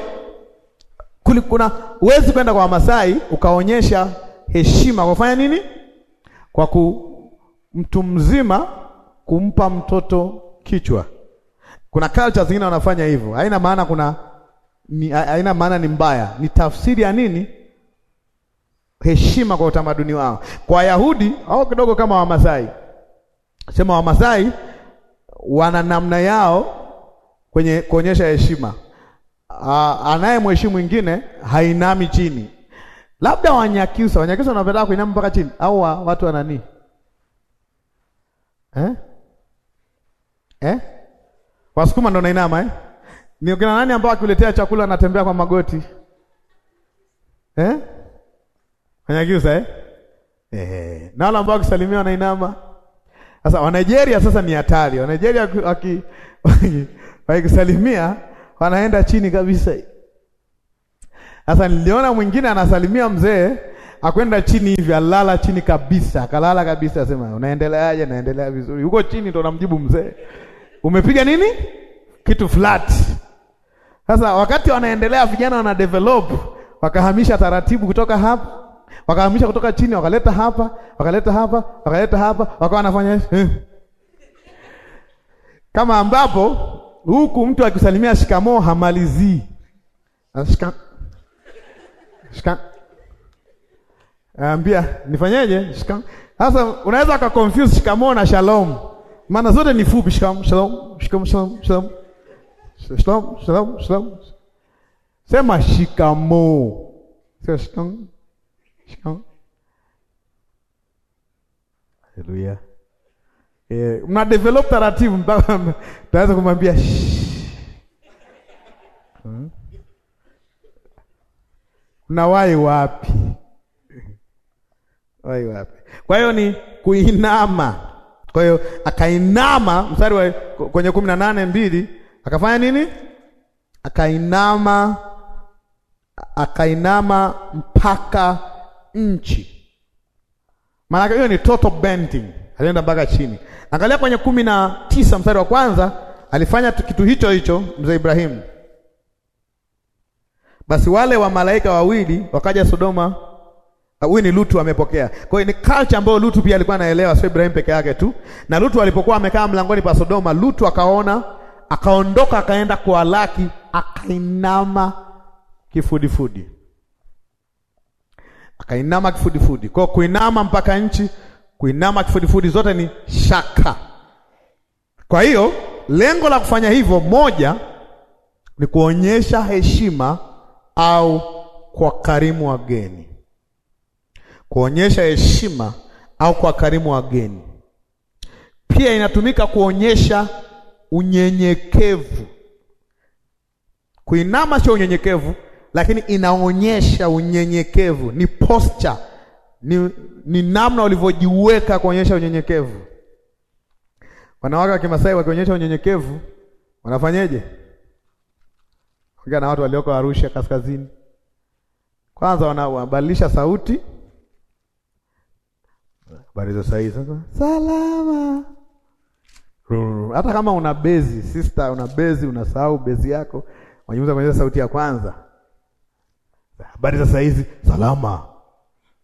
kuna huwezi kwenda kwa Wamasai ukaonyesha heshima kwa kufanya nini? Kwa ku mtu mzima kumpa mtoto kichwa. Kuna culture zingine wanafanya hivyo, haina maana kuna ni, haina maana ni mbaya, ni tafsiri ya nini? Heshima kwa utamaduni wao. Kwa Wayahudi au kidogo kama Wamasai sema Wamasai wana namna yao kwenye kuonyesha heshima. Anayemheshimu mwingine hainami chini, labda Wanyakyusa. Wanyakyusa wanapenda kuinama mpaka chini, au wa, watu wa nani eh? Eh? Wasukuma ndo nainama eh? Ni ukina nani ambao akiuletea chakula anatembea kwa magoti eh? Wanyakyusa eh? Eh. nalo ambao akisalimia wanainama sasa wa Nigeria sasa ni hatari. Wa Nigeria wakikusalimia wanaenda chini kabisa. Sasa niliona mwingine anasalimia mzee akwenda chini hivi, alala chini kabisa, akalala kabisa, asema unaendeleaje? Naendelea vizuri. Huko chini ndo namjibu mzee, umepiga nini? Kitu flat. Sasa wakati wanaendelea, vijana wana develop, wakahamisha taratibu kutoka hapa wakahamisha kutoka chini, wakaleta hapa, wakaleta hapa, wakaleta hapa, wakawa wanafanya eh. kama ambapo huku mtu akisalimia shikamoo hamalizii shika shika, ambia nifanyeje? Shika. Sasa unaweza ka confuse shikamoo na shalom, maana zote ni fupi. Shalom, shalom, shalom, shalom, shalom, shalom, shalom. Sema shikamoo, sio shikamoo Haleluya. Eh, mna develop taratibu taweza *laughs* kumwambia hmm? na wai wapi? *laughs* wai wapi? Kwa hiyo ni kuinama. Kwa hiyo akainama, mstari wa kwenye kumi na nane mbili akafanya nini? Akainama, akainama mpaka nchi. Maana hiyo ni total bending, alienda mpaka chini. Angalia kwenye kumi na tisa mstari wa kwanza, alifanya kitu hicho hicho mzee Ibrahimu. Basi wale wa malaika wawili wakaja Sodoma. Ah, huyu ni Lutu amepokea. Kwa hiyo ni culture ambayo Lutu pia alikuwa anaelewa, sio Ibrahim peke yake tu. Na Lutu alipokuwa amekaa mlangoni pa Sodoma, Lutu akaona, akaondoka, akaenda kwa laki, akainama kifudifudi akainama kifudifudi. Kwa kuinama mpaka nchi, kuinama kifudifudi, zote ni shaka. Kwa hiyo lengo la kufanya hivyo, moja ni kuonyesha heshima au kwa karimu wageni, kuonyesha heshima au kwa karimu wageni. Pia inatumika kuonyesha unyenyekevu. Kuinama sio unyenyekevu, lakini inaonyesha unyenyekevu. Ni posture, ni, ni namna ulivyojiweka kuonyesha unyenyekevu. Wanawake wa Kimasai wakionyesha unyenyekevu wanafanyeje? Ongea na watu walioko Arusha kaskazini. Kwanza wanabadilisha sauti. Habari za sasa, salama. Hata kama una bezi sister, una bezi, unasahau bezi yako, unajifunza kwenye sauti ya kwanza habari za saizi salama.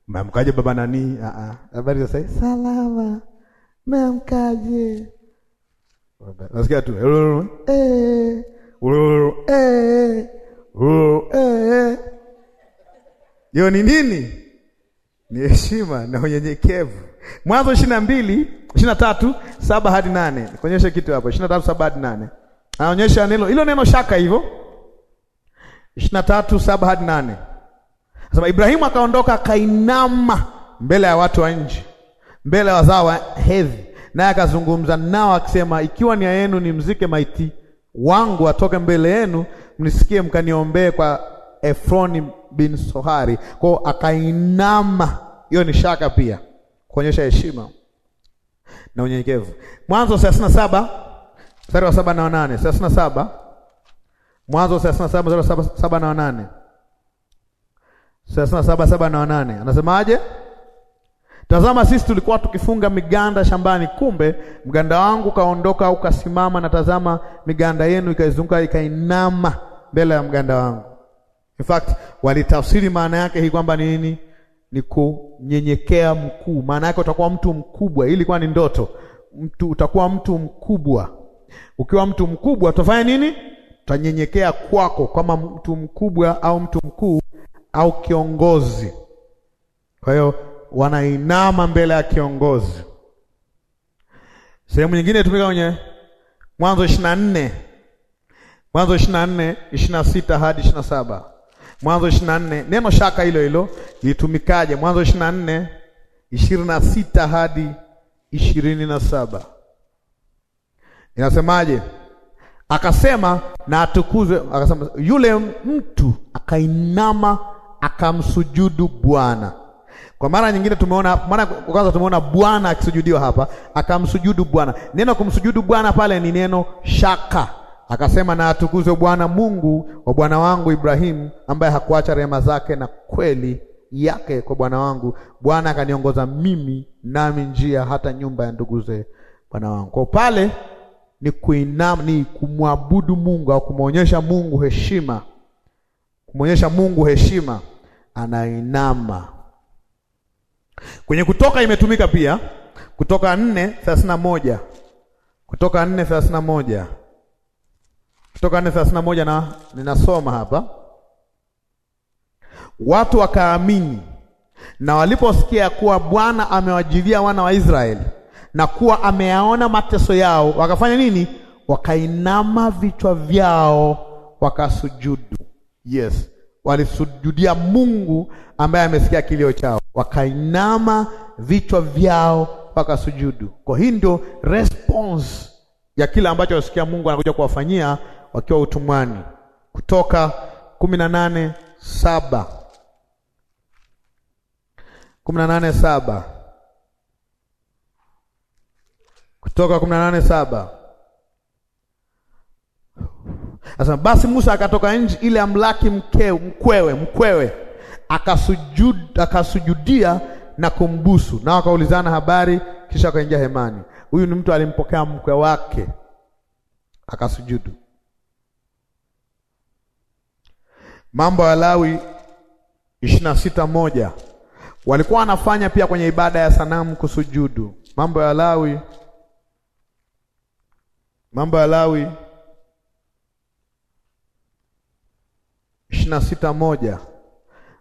Umeamkaje baba nani? Ah, ah, habari za saizi salama. Umeamkaje? Nasikia tu eh, eh, eh. eh. Hiyo ni nini? Ni heshima na unyenyekevu. Mwanzo ishirini na mbili ishirini na tatu saba hadi nane. nikuonyeshe kitu hapo, ishirini na tatu saba hadi nane anaonyesha neno hilo, neno shaka hivyo ishirini na tatu saba hadi nane Anasema Ibrahimu akaondoka akainama mbele ya watu wa nchi, mbele ya wazao wa hedhi, naye akazungumza nao akisema, ikiwa nia yenu ni mzike maiti wangu atoke mbele yenu, mnisikie mkaniombee kwa Efroni bin Sohari. Kwao akainama, hiyo ni shaka pia, kuonyesha heshima na unyenyekevu. Mwanzo thelathini na saba mstari wa saba na wanane thelathini na saba Mwanzo 37:7 na 8. saba na 8. Anasemaje? Tazama sisi tulikuwa tukifunga miganda shambani, kumbe mganda wangu ukaondoka ukasimama, na tazama miganda yenu ikaizunguka ikainama mbele ya mganda wangu. In fact, walitafsiri maana yake hii kwamba nini? Ni kunyenyekea mkuu. Maana yake utakuwa mtu mkubwa. Hii ilikuwa ni ndoto. Mtu utakuwa mtu mkubwa. Ukiwa mtu mkubwa utafanya nini? tutanyenyekea kwako kama mtu mkubwa au mtu mkuu au kiongozi. Kwa hiyo wanainama mbele ya kiongozi. Sehemu nyingine tumika kwenye Mwanzo ishirini na nne Mwanzo ishirini na nne ishirini na sita hadi ishirini na saba Mwanzo ishirini na nne neno shaka hilo hilo litumikaje? Mwanzo ishirini na nne ishirini na sita hadi ishirini na saba inasemaje? Akasema na atukuzwe, akasema yule mtu akainama akamsujudu Bwana. Kwa mara nyingine tumeona, mara kwanza tumeona Bwana akisujudiwa hapa, akamsujudu Bwana. Neno kumsujudu Bwana pale ni neno shaka. Akasema na atukuzwe Bwana Mungu wa bwana wangu Ibrahimu, ambaye hakuacha rehema zake na kweli yake kwa bwana wangu. Bwana akaniongoza mimi nami njia hata nyumba ya nduguze bwana wangu. Kwa pale ni kuinama, ni kumwabudu Mungu au kumwonyesha Mungu heshima, kumwonyesha Mungu heshima, anainama. Kwenye Kutoka imetumika pia, Kutoka nne thelathini na moja Kutoka nne thelathini na moja Kutoka nne thelathini na moja na ninasoma hapa, watu wakaamini na waliposikia kuwa Bwana amewajilia wana wa Israeli na kuwa ameyaona mateso yao, wakafanya nini? Wakainama vichwa vyao wakasujudu. Yes, walisujudia Mungu ambaye amesikia kilio chao, wakainama vichwa vyao wakasujudu. Kwa hii ndio response ya kile ambacho wasikia Mungu anakuja kuwafanyia wakiwa utumwani. Kutoka kumi na nane saba kumi na nane saba kutoka saba Asema basi Musa akatoka nje ile amlaki mke mkwewe mkwewe akasujud, akasujudia na kumbusu, na wakaulizana habari, kisha akaingia hemani. Huyu ni mtu alimpokea mkwe wake akasujudu. Mambo ya Lawi ishirini na sita moja walikuwa wanafanya pia kwenye ibada ya sanamu kusujudu. Mambo ya Lawi Mambo ya Lawi ishirini na sita moja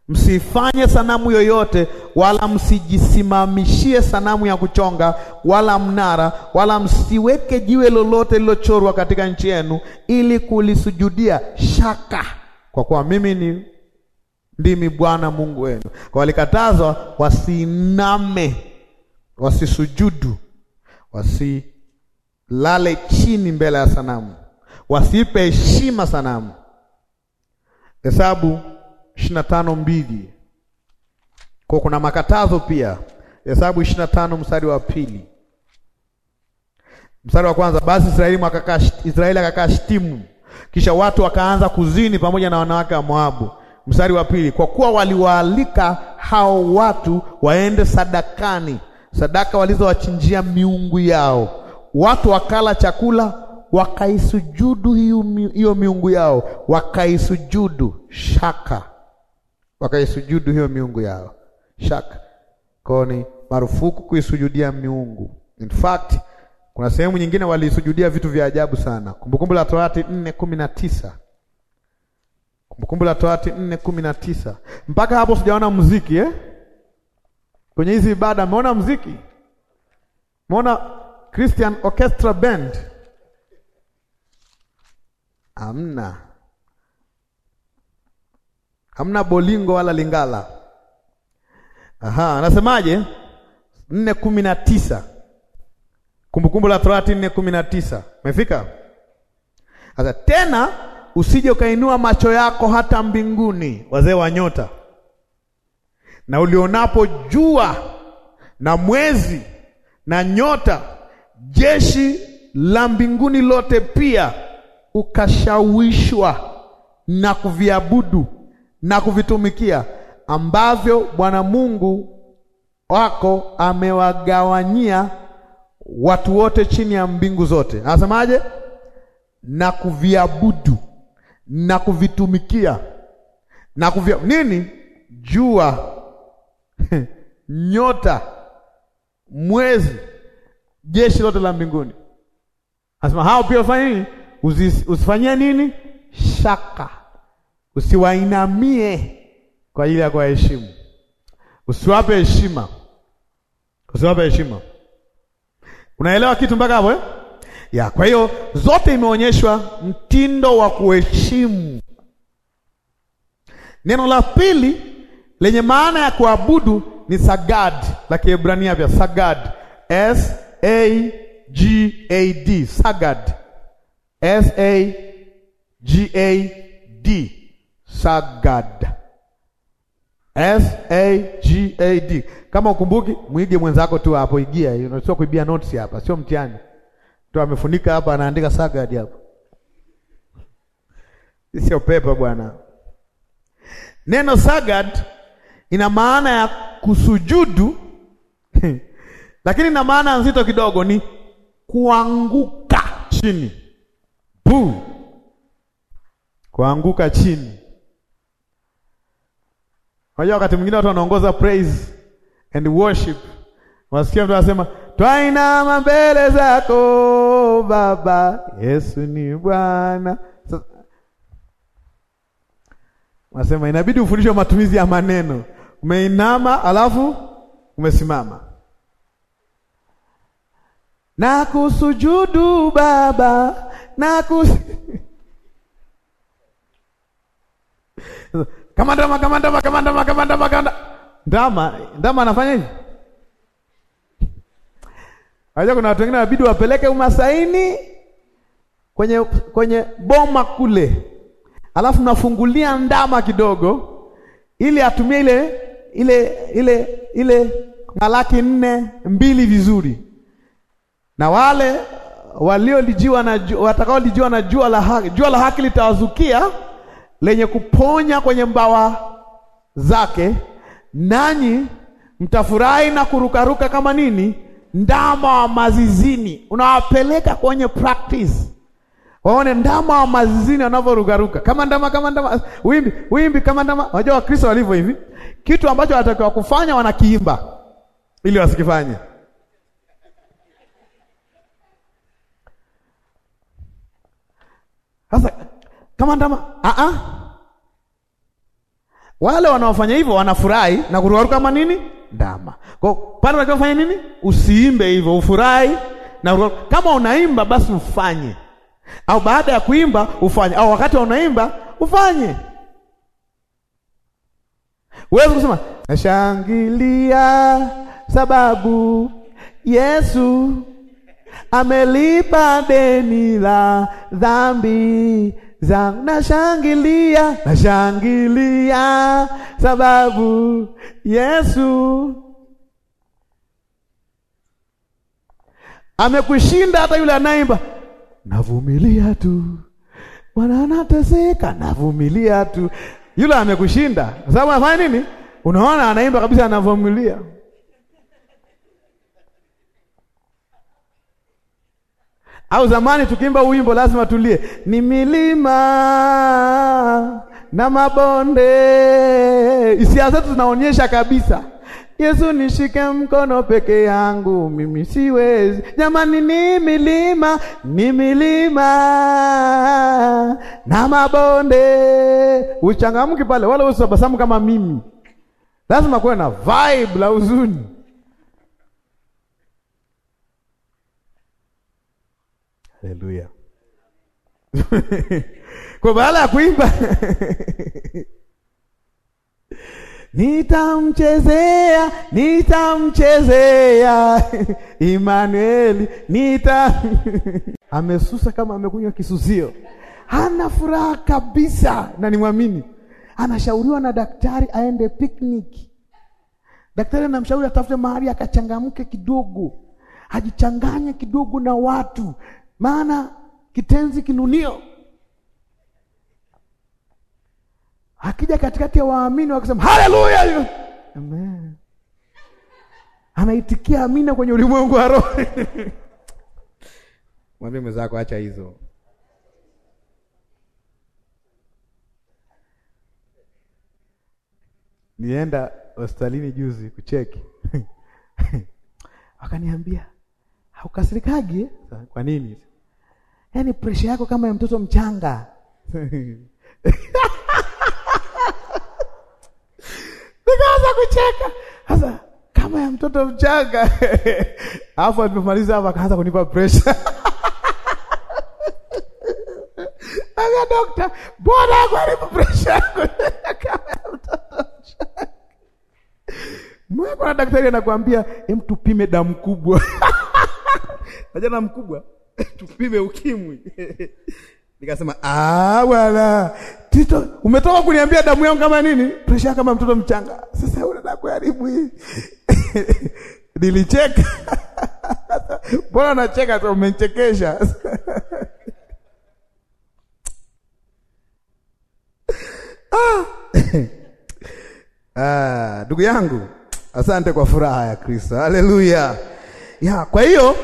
msifanye sanamu yoyote wala msijisimamishie sanamu ya kuchonga wala mnara wala msiweke jiwe lolote lilochorwa katika nchi yenu ili kulisujudia shaka, kwa kuwa mimi ni ndimi Bwana Mungu wenu. Kwa walikatazwa wasiname, wasisujudu, wasi lale chini mbele ya sanamu, wasipe heshima sanamu. Hesabu 25 mbili. Kwa kuna makatazo pia. Hesabu 25 tano mstari wa pili mstari wa kwanza, basi Israeli akakaa Israeli akakaa Shitimu, kisha watu wakaanza kuzini pamoja na wanawake wa Moabu. Mstari wa pili, kwa kuwa waliwaalika hao watu waende sadakani, sadaka walizowachinjia miungu yao watu wakala chakula wakaisujudu hiyo miungu yao, wakaisujudu shaka, wakaisujudu hiyo miungu yao shaka. Kwa ni marufuku kuisujudia miungu. In fact, kuna sehemu nyingine walisujudia vitu vya ajabu sana. Kumbukumbu la Torati 4:19. Kumbukumbu la Torati 4:19. Mpaka hapo sijaona muziki eh? Kwenye hizi ibada umeona muziki? Umeona Christian Orchestra Band hamna, hamna bolingo wala lingala. Aha, anasemaje? nne kumi na tisa Kumbukumbu la Torati nne kumi na tisa Umefika sasa tena, usije ukainua macho yako hata mbinguni, wazee wa nyota, na ulionapo jua na mwezi na nyota jeshi la mbinguni lote pia ukashawishwa na kuviabudu na kuvitumikia ambavyo Bwana Mungu wako amewagawanyia watu wote chini ya mbingu zote. Anasemaje? na kuviabudu na kuvitumikia na kuvia nini? Jua, *laughs* nyota, mwezi jeshi lote la mbinguni. Anasema hao pia ufanye nini? Usifanyie nini? Shaka. Usiwainamie kwa ajili ya kuwaheshimu. Usiwape heshima. Usiwape heshima. Unaelewa kitu mpaka hapo eh? Ya, kwa hiyo zote imeonyeshwa mtindo wa kuheshimu. Neno la pili lenye maana ya kuabudu ni sagad la Kiebrania vya sagad S A G A D, Sagad, S A G A D, Sagad, S A G A D. Kama ukumbuki, mwige mwenzako tu hapo, igia hiyo, sio kuibia notes hapa, sio mtihani tu. Amefunika hapa, anaandika Sagad hapo. sio pepa bwana. Neno Sagad ina maana ya kusujudu lakini na maana nzito kidogo, ni kuanguka chini bu, kuanguka chini. Unajua, wakati mwingine watu wanaongoza praise and worship, wasikia mtu anasema twainama mbele zako Baba, Yesu ni Bwana. Nasema inabidi ufundishwe matumizi ya maneno. Umeinama alafu umesimama na kusujudu Baba na kus... kama ndama kama ndama kama ndama kama ndama kama ndama ndama anafanya nini? Aje, kuna watu wengine wabidi wapeleke umasaini kwenye kwenye boma kule, alafu nafungulia ndama kidogo, ili atumie ile ile ile ile Malaki nne mbili vizuri na wale waliolijiwa na watakaolijiwa na jua la haki, jua la haki litawazukia lenye kuponya kwenye mbawa zake, nanyi mtafurahi na kurukaruka kama nini? Ndama wa mazizini. Unawapeleka kwenye practice waone ndama wa mazizini wanavyorukaruka kama ndama, kama ndama, wimbi wimbi, kama ndama. Unajua Wakristo walivyo hivi, kitu ambacho watakiwa kufanya wanakiimba ili wasikifanye Sasa kama ndama a ah, a ah. wale wanaofanya hivyo wanafurahi na kurukaruka kama nini ndama. Kwa pale unachofanya nini? Usiimbe hivyo, ufurahi na kurukaruka. Kama unaimba basi ufanye, au baada ya kuimba ufanye, au wakati unaimba ufanye. Wewe kusema nashangilia sababu Yesu amelipa deni la dhambi zangu. Nashangilia, nashangilia sababu Yesu amekushinda hata yule anaimba, navumilia tu Bwana anateseka, navumilia tu. Yule amekushinda, kwa sababu anafanya nini? Unaona, anaimba kabisa, anavumilia. Au zamani tukiimba uwimbo lazima tulie, ni milima na mabonde. Hisia zetu zinaonyesha kabisa. Yesu, nishike mkono peke yangu, mimi siwezi. Jamani, ni milima, ni milima na mabonde. Uchangamki pale, wala usabasamu kama mimi. Lazima kuwe na vibe la huzuni. Haleluya. *laughs* Kwa baada ya kuimba *laughs* nitamchezea, nitamchezea *laughs* Imanueli, nita amesusa kama amekunywa kisuzio, hana furaha kabisa, na nimwamini. Anashauriwa na daktari aende picnic. Daktari anamshauri atafute mahali akachangamke kidogo, ajichanganye kidogo na watu, maana kitenzi kinunio akija katikati ya waamini wakasema haleluya, amen, anaitikia amina kwenye ulimwengu wa roho. *laughs* Mwambie mwenzako acha hizo. Nienda hospitalini juzi kucheki wakaniambia *laughs* haukasirikagi. Eh? Kwa nini? Yaani presha yako kama ya mtoto mchanga *laughs* nikaanza kucheka sasa, kama ya mtoto mchanga *laughs* alafu alipomaliza hapo akaanza kunipa presha aga dokta, bora akuharibu presha yako *laughs* kama daktari anakuambia emtupime damu kubwa najana mkubwa tupime ukimwi. *laughs* Nikasema ah, bwana Tito, umetoka kuniambia damu yangu kama nini, presha kama mtoto mchanga, sasa unataka kuharibu hii *laughs* nilicheka *laughs* mbona nacheka tu, umenichekesha ah. Ah, ndugu yangu, asante kwa furaha ya Kristo. Haleluya ya kwa hiyo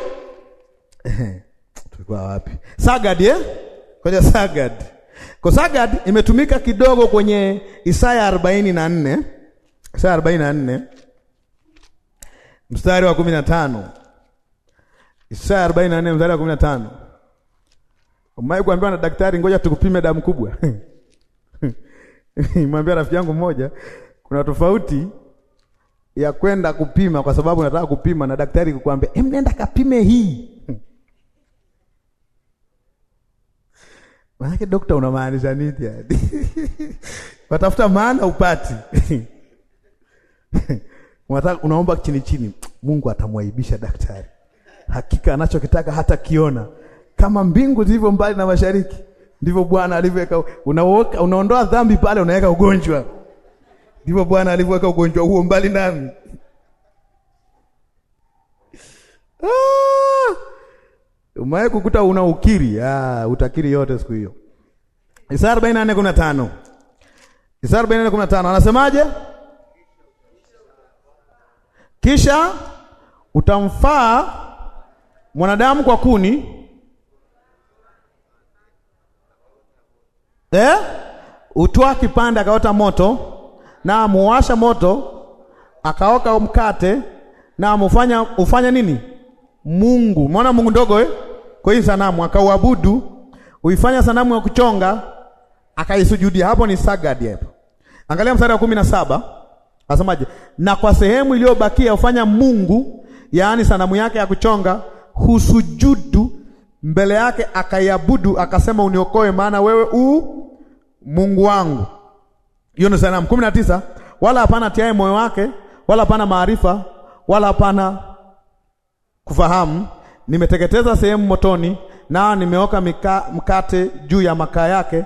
tulikuwa wapi? Sagad eh? Kwenye Sagad. Kwa Sagad imetumika kidogo kwenye Isaya 44. Isaya 44 mstari wa 15. Isaya 44 mstari wa 15. Umaye kuambiwa na daktari, ngoja tukupime damu kubwa. *laughs* Nimwambia rafiki yangu mmoja, kuna tofauti ya kwenda kupima kwa sababu nataka kupima na daktari kukuambia, "Hem, nenda kapime hii." manake dokta, unamaanisha nini? *laughs* Watafuta maana upati *laughs* unaomba chini chini, Mungu atamwaibisha daktari. Hakika anachokitaka hata kiona. Kama mbingu zilivyo mbali na mashariki, ndivyo Bwana alivyoweka. Unaoka, unaondoa dhambi pale, unaweka ugonjwa. Ndivyo Bwana alivyoweka ugonjwa huo mbali nami. *laughs* Ah! Umewahi kukuta una ukiri? Ah, utakiri yote siku hiyo. Isaya 44:15. Isaya 44:15 anasemaje? Kisha utamfaa mwanadamu kwa kuni eh? Utwa kipande akaota moto na muwasha moto akaoka mkate na amufanya ufanya nini? Mungu. Umeona Mungu ndogo eh? kwa hiyo sanamu akauabudu, uifanya sanamu ya kuchonga, akaisujudia. Hapo ni sagadi. Hapo angalia mstari wa kumi na saba asemaje? Na kwa sehemu iliyobakia ufanya Mungu, yaani sanamu yake ya kuchonga, husujudu mbele yake, akaiabudu, akasema, uniokoe, maana wewe u Mungu wangu. Hiyo ni sanamu. kumi na tisa wala hapana tiaye moyo wake, wala hapana maarifa, wala hapana kufahamu nimeteketeza sehemu motoni, nao nimeoka mika, mkate juu ya makaa yake,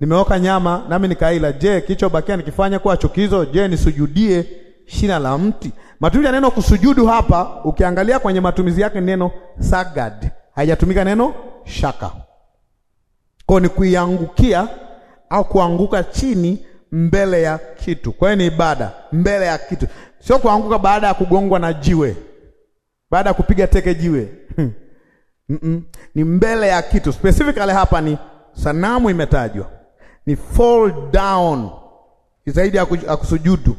nimeoka nyama nami nikaila. Je, kichobakia nikifanya kuwa chukizo? Je, nisujudie shina la mti? Matumizi ya neno kusujudu hapa, ukiangalia kwenye matumizi yake, neno sagad, haijatumika neno shaka. Kwa ni kuiangukia au kuanguka chini mbele ya kitu. Kwa hiyo ni ibada mbele ya kitu, sio kuanguka baada ya kugongwa na jiwe baada ya kupiga teke jiwe *laughs* mm -mm. Ni mbele ya kitu specifically, hapa ni sanamu imetajwa, ni fall down zaidi ya kusujudu.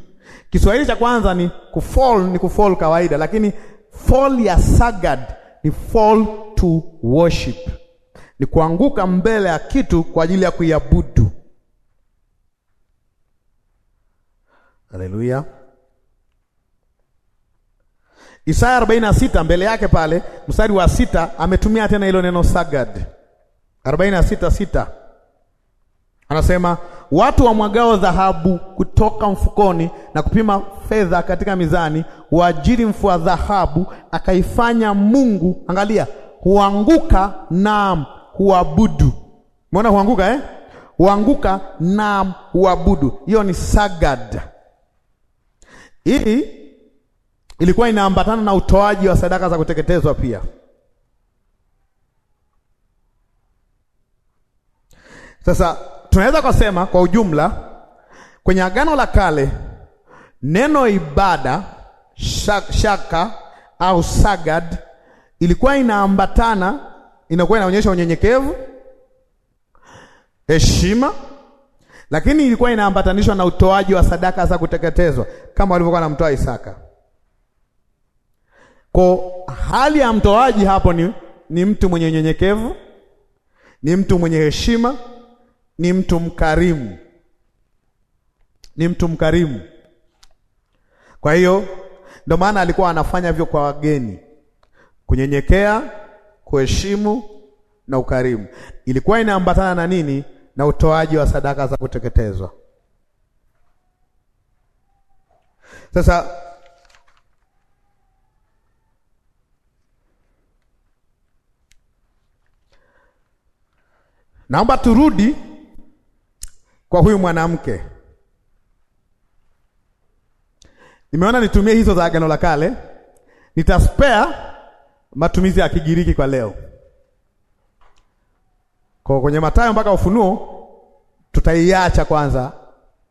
Kiswahili cha kwanza ni kufall, ni kufall kawaida, lakini fall ya sagad ni fall to worship, ni kuanguka mbele ya kitu kwa ajili ya kuiabudu. Haleluya. Isaya 46 mbele yake pale mstari wa sita ametumia tena hilo neno sagad 46:6 anasema watu wamwagao dhahabu kutoka mfukoni na kupima fedha katika mizani, waajiri mfua dhahabu akaifanya Mungu. Angalia, huanguka naam, huabudu. Umeona huanguka eh? Huanguka naam, huabudu. Hiyo ni sagad hii ilikuwa inaambatana na utoaji wa sadaka za kuteketezwa pia. Sasa tunaweza kusema kwa ujumla kwenye Agano la Kale neno ibada shaka, au sagad ilikuwa inaambatana, inakuwa inaonyesha unyenyekevu, heshima, lakini ilikuwa inaambatanishwa na utoaji wa sadaka za kuteketezwa kama walivyokuwa mtoa Isaka. Ko hali ya mtoaji hapo ni, ni mtu mwenye unyenyekevu, ni mtu mwenye heshima, ni mtu mkarimu, ni mtu mkarimu. Kwa hiyo ndio maana alikuwa anafanya hivyo kwa wageni, kunyenyekea, kuheshimu na ukarimu. Ilikuwa inaambatana na nini? Na utoaji wa sadaka za kuteketezwa. Sasa Naomba turudi kwa huyu mwanamke. Nimeona nitumie hizo za Agano la Kale, nitaspare matumizi ya Kigiriki kwa leo. Kwa kwenye Mathayo mpaka Ufunuo tutaiacha kwanza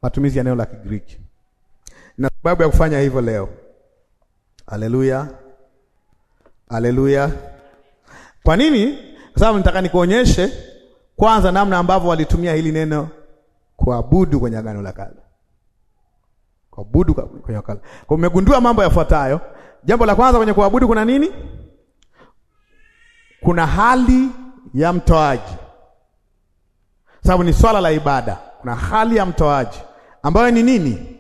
matumizi ya neno la Kigiriki, na sababu ya kufanya hivyo leo. Haleluya, haleluya. Kwa nini? Kwa sababu nitaka nikuonyeshe kwanza namna ambavyo walitumia hili neno kuabudu kwenye Agano la Kale, kuabudu kwenye kale. Kwa umegundua mambo yafuatayo. Jambo la kwanza, kwenye kuabudu kuna nini? Kuna hali ya mtoaji, sababu ni swala la ibada. Kuna hali ya mtoaji ambayo ni nini?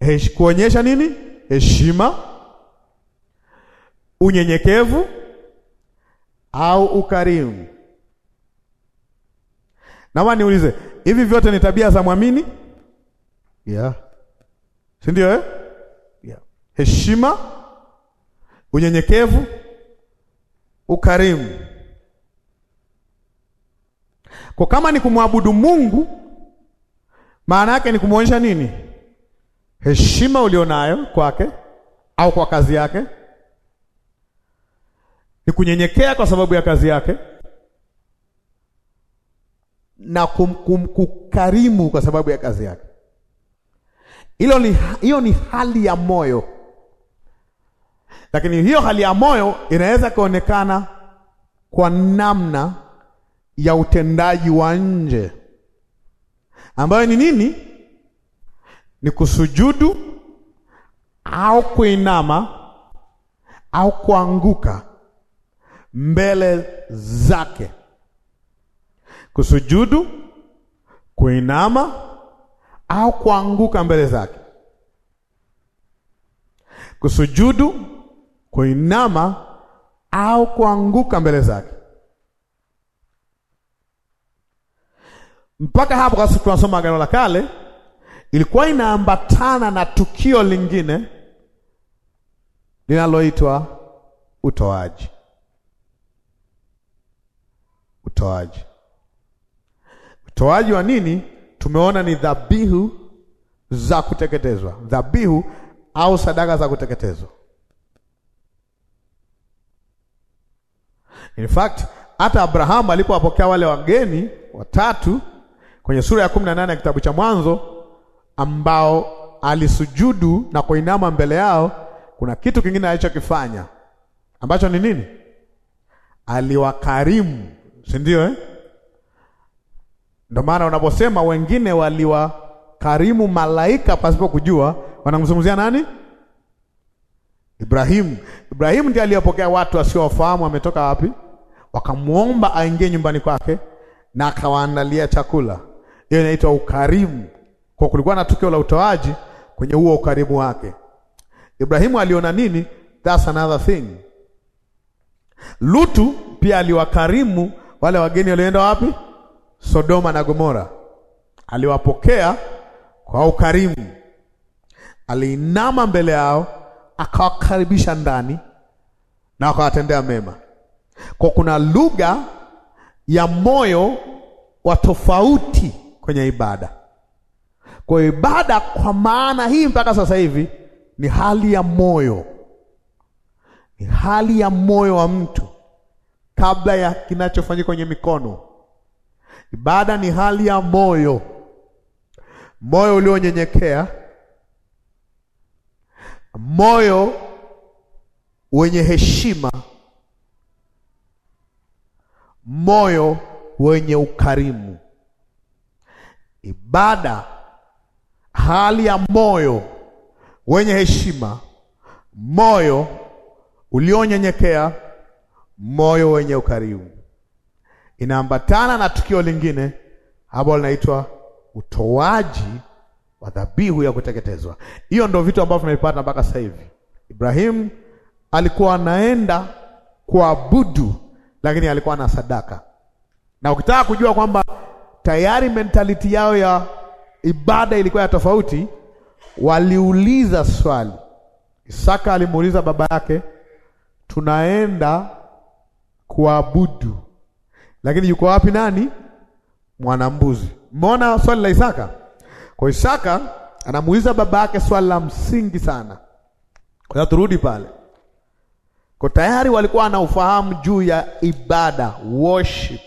Hesh, kuonyesha nini? Heshima, unyenyekevu au ukarimu Naomba niulize, hivi vyote ni tabia za mwamini? Yeah. Si ndio eh? Yeah. Heshima, unyenyekevu, ukarimu. Kwa kama ni kumwabudu Mungu, maana yake ni kumwonyesha nini? Heshima ulionayo kwake au kwa kazi yake, ni kunyenyekea kwa sababu ya kazi yake na kumkarimu kwa sababu ya kazi yake. Hiyo ni hiyo ni hali ya moyo, lakini hiyo hali ya moyo inaweza kuonekana kwa namna ya utendaji wa nje ambayo ni nini? Ni kusujudu au kuinama au kuanguka mbele zake kusujudu, kuinama au kuanguka mbele zake. Kusujudu, kuinama au kuanguka mbele zake. Mpaka hapo kwa tunasoma Agano la Kale, ilikuwa inaambatana na tukio lingine linaloitwa utoaji. Utoaji Toaji wa nini tumeona ni dhabihu za kuteketezwa, dhabihu au sadaka za kuteketezwa. In fact hata Abrahamu alipowapokea wale wageni watatu kwenye sura ya kumi na nane ya kitabu cha Mwanzo, ambao alisujudu na kuinama mbele yao, kuna kitu kingine alichokifanya ambacho ni nini? Aliwakarimu, si ndio eh? Ndio maana unaposema wengine waliwakarimu malaika pasipo kujua, wanamzungumzia nani? Ibrahimu. Ibrahimu ndiye aliyopokea watu wasiowafahamu ametoka wapi, wakamwomba aingie nyumbani kwake na akawaandalia chakula. Hiyo inaitwa ukarimu. Kwa kulikuwa na tukio la utoaji kwenye huo ukarimu wake. Ibrahimu aliona nini? That's another thing. Lutu pia aliwakarimu wale wageni walioenda wapi? Sodoma na Gomora, aliwapokea kwa ukarimu, aliinama mbele yao, akawakaribisha ndani na akawatendea mema. Kwa kuna lugha ya moyo wa tofauti kwenye ibada. Kwa ibada kwa maana hii mpaka sasa hivi ni hali ya moyo, ni hali ya moyo wa mtu kabla ya kinachofanyika kwenye mikono. Ibada ni hali ya moyo, moyo ulionyenyekea, moyo wenye heshima, moyo wenye ukarimu. Ibada hali ya moyo wenye heshima, moyo ulionyenyekea, moyo wenye ukarimu inaambatana na tukio lingine hapo linaitwa utoaji wa dhabihu ya kuteketezwa. Hiyo ndio vitu ambavyo tumepata mpaka sasa hivi. Ibrahimu alikuwa anaenda kuabudu, lakini alikuwa na sadaka, na ukitaka kujua kwamba tayari mentality yao ya ibada ilikuwa ya tofauti, waliuliza swali. Isaka alimuuliza baba yake, tunaenda kuabudu lakini yuko wapi nani? Mwanambuzi. Mmeona swali la Isaka? Kwa Isaka anamuuliza baba yake swali la msingi sana. Kwa turudi pale, kwa tayari walikuwa na ufahamu juu ya ibada worship.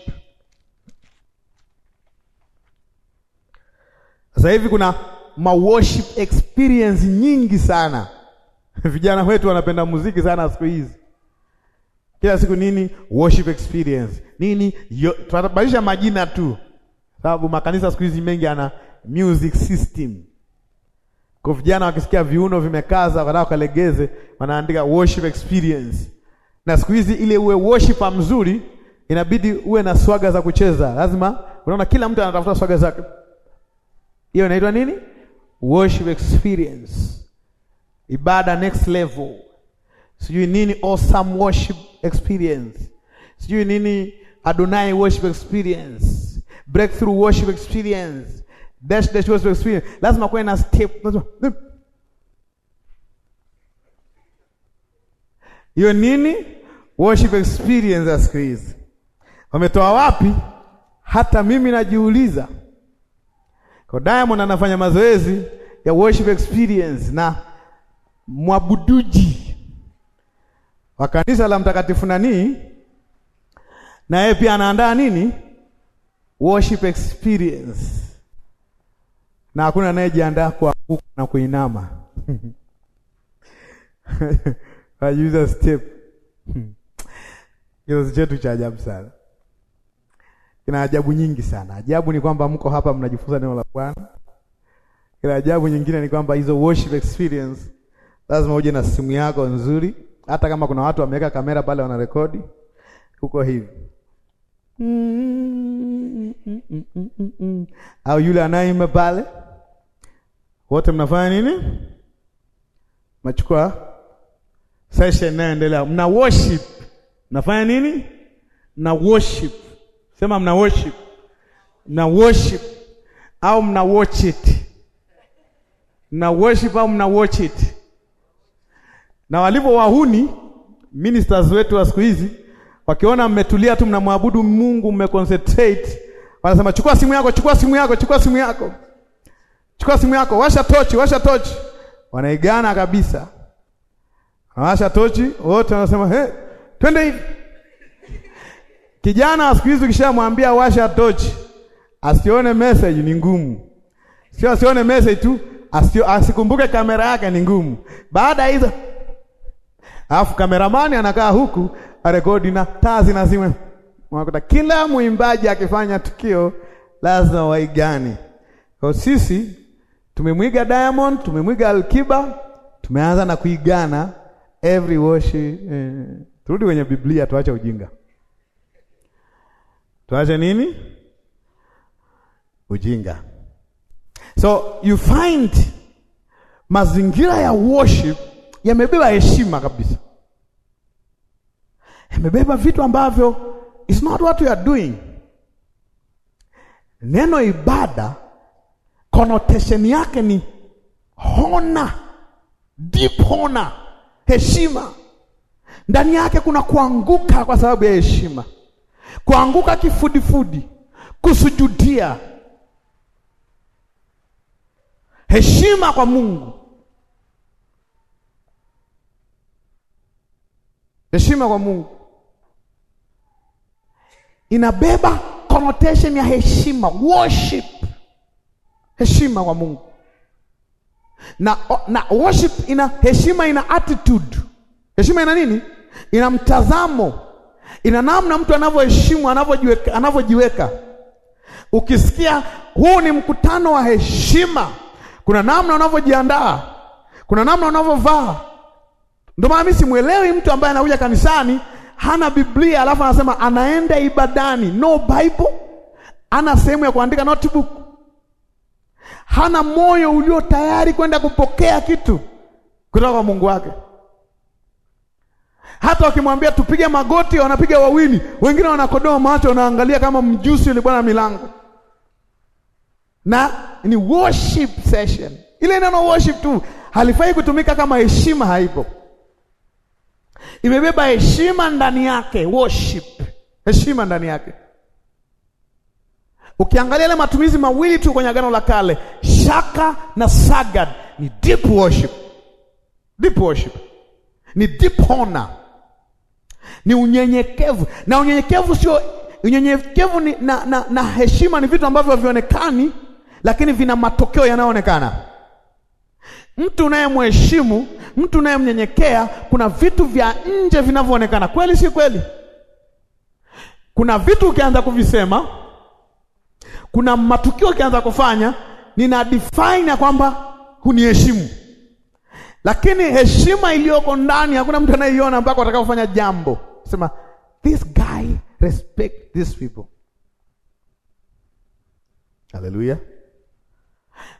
Sasa hivi kuna ma worship experience nyingi sana. *laughs* Vijana wetu wanapenda muziki sana siku hizi, kila siku nini worship experience nini, tunabadilisha majina tu, sababu makanisa siku hizi mengi ana music system. Kwa vijana wakisikia viuno vimekaza, wanataka kalegeze, wanaandika worship experience. Na siku hizi ile uwe worshipa mzuri, inabidi uwe na swaga za kucheza. Lazima unaona kila mtu anatafuta swaga zake. Hiyo inaitwa nini? Worship experience. Ibada next level. Sijui nini awesome worship experience. Sijui nini Adonai worship experience, breakthrough worship experience, dash dash worship experience. Lazima kuwe na step. Hiyo nini? Worship experience as siku wametoa wapi? Hata mimi najiuliza. Kwa Diamond anafanya mazoezi ya worship experience na mwabuduji wa kanisa la mtakatifu nani na yeye pia anaandaa nini? Worship experience, na hakuna anayejiandaa kuanguka na kuinama ajuza *laughs* step kizazi chetu cha ajabu sana, kina ajabu nyingi sana. Ajabu ni kwamba mko hapa mnajifunza neno la Bwana, ila ajabu nyingine ni kwamba hizo worship experience lazima uje na simu yako nzuri, hata kama kuna watu wameweka kamera pale wanarekodi huko hivi Mm-hmm. au yule anayeimba pale, wote mnafanya nini? Machukua session inayoendelea, mna worship. Mnafanya nini? Mna worship. Sema mna worship, mna worship au mna watch it, mna worship au mna watch it. Na walivyo wahuni ministers wetu wa siku hizi Wakiona mmetulia tu mnamwabudu Mungu, mmeconcentrate, wanasema chukua simu yako, chukua simu yako, chukua simu yako, chukua simu yako, washa tochi, washa tochi. Wanaigana kabisa, washa tochi wote, wanasema hey, twende hivi. Kijana wa siku hizi ukishamwambia washa tochi, asione message ni ngumu, sio asione message tu, asio, asikumbuke kamera yake ni ngumu. Baada ya hizo, alafu kameramani anakaa huku arekodi na taa zinazimwe. Unakuta kila mwimbaji akifanya tukio lazima waigani. Kwa sisi tumemwiga Diamond, tumemwiga Alkiba, tumeanza na kuigana every worship. Eh, turudi kwenye Biblia, tuache ujinga, tuache nini ujinga. So you find mazingira ya worship yamebeba heshima kabisa. Imebeba vitu ambavyo it's not what you are doing. Neno ibada connotation yake ni hona, deep hona, heshima. Ndani yake kuna kuanguka kwa sababu ya heshima, kuanguka kifudifudi, kusujudia heshima kwa Mungu, heshima kwa Mungu inabeba connotation ya heshima, worship, heshima kwa Mungu na, na worship ina heshima, ina attitude. Heshima ina nini? Ina mtazamo, ina namna mtu anavyoheshimu, anavyojiweka, anavyojiweka. Ukisikia huu ni mkutano wa heshima, kuna namna unavyojiandaa, kuna namna unavyovaa. Ndio maana mimi simuelewi mtu ambaye anakuja kanisani hana Biblia, alafu anasema anaenda ibadani, no Bible, hana sehemu ya kuandika notebook, hana moyo ulio tayari kwenda kupokea kitu kutoka kwa Mungu wake. Hata wakimwambia tupige magoti, wanapiga wawili, wengine wanakodoa macho, wanaangalia kama mjusi yule bwana milango. Na ni worship session, ile neno worship tu halifai kutumika kama heshima haipo imebeba heshima ndani yake, worship, heshima ndani yake. Ukiangalia ile matumizi mawili tu kwenye Agano la Kale, shaka na sagad, ni deep worship. Deep worship ni deep honor, ni unyenyekevu, na unyenyekevu sio unyenyekevu ni, na, na, na heshima ni vitu ambavyo havionekani, lakini vina matokeo yanayoonekana. Mtu unayemheshimu mtu unayemnyenyekea, kuna vitu vya nje vinavyoonekana kweli, si kweli? Kuna vitu ukianza kuvisema, kuna matukio ukianza kufanya, nina define ya kwamba huniheshimu, lakini heshima iliyoko ndani hakuna mtu anayeiona mpaka atakapofanya jambo, sema this guy respect these people. Haleluya!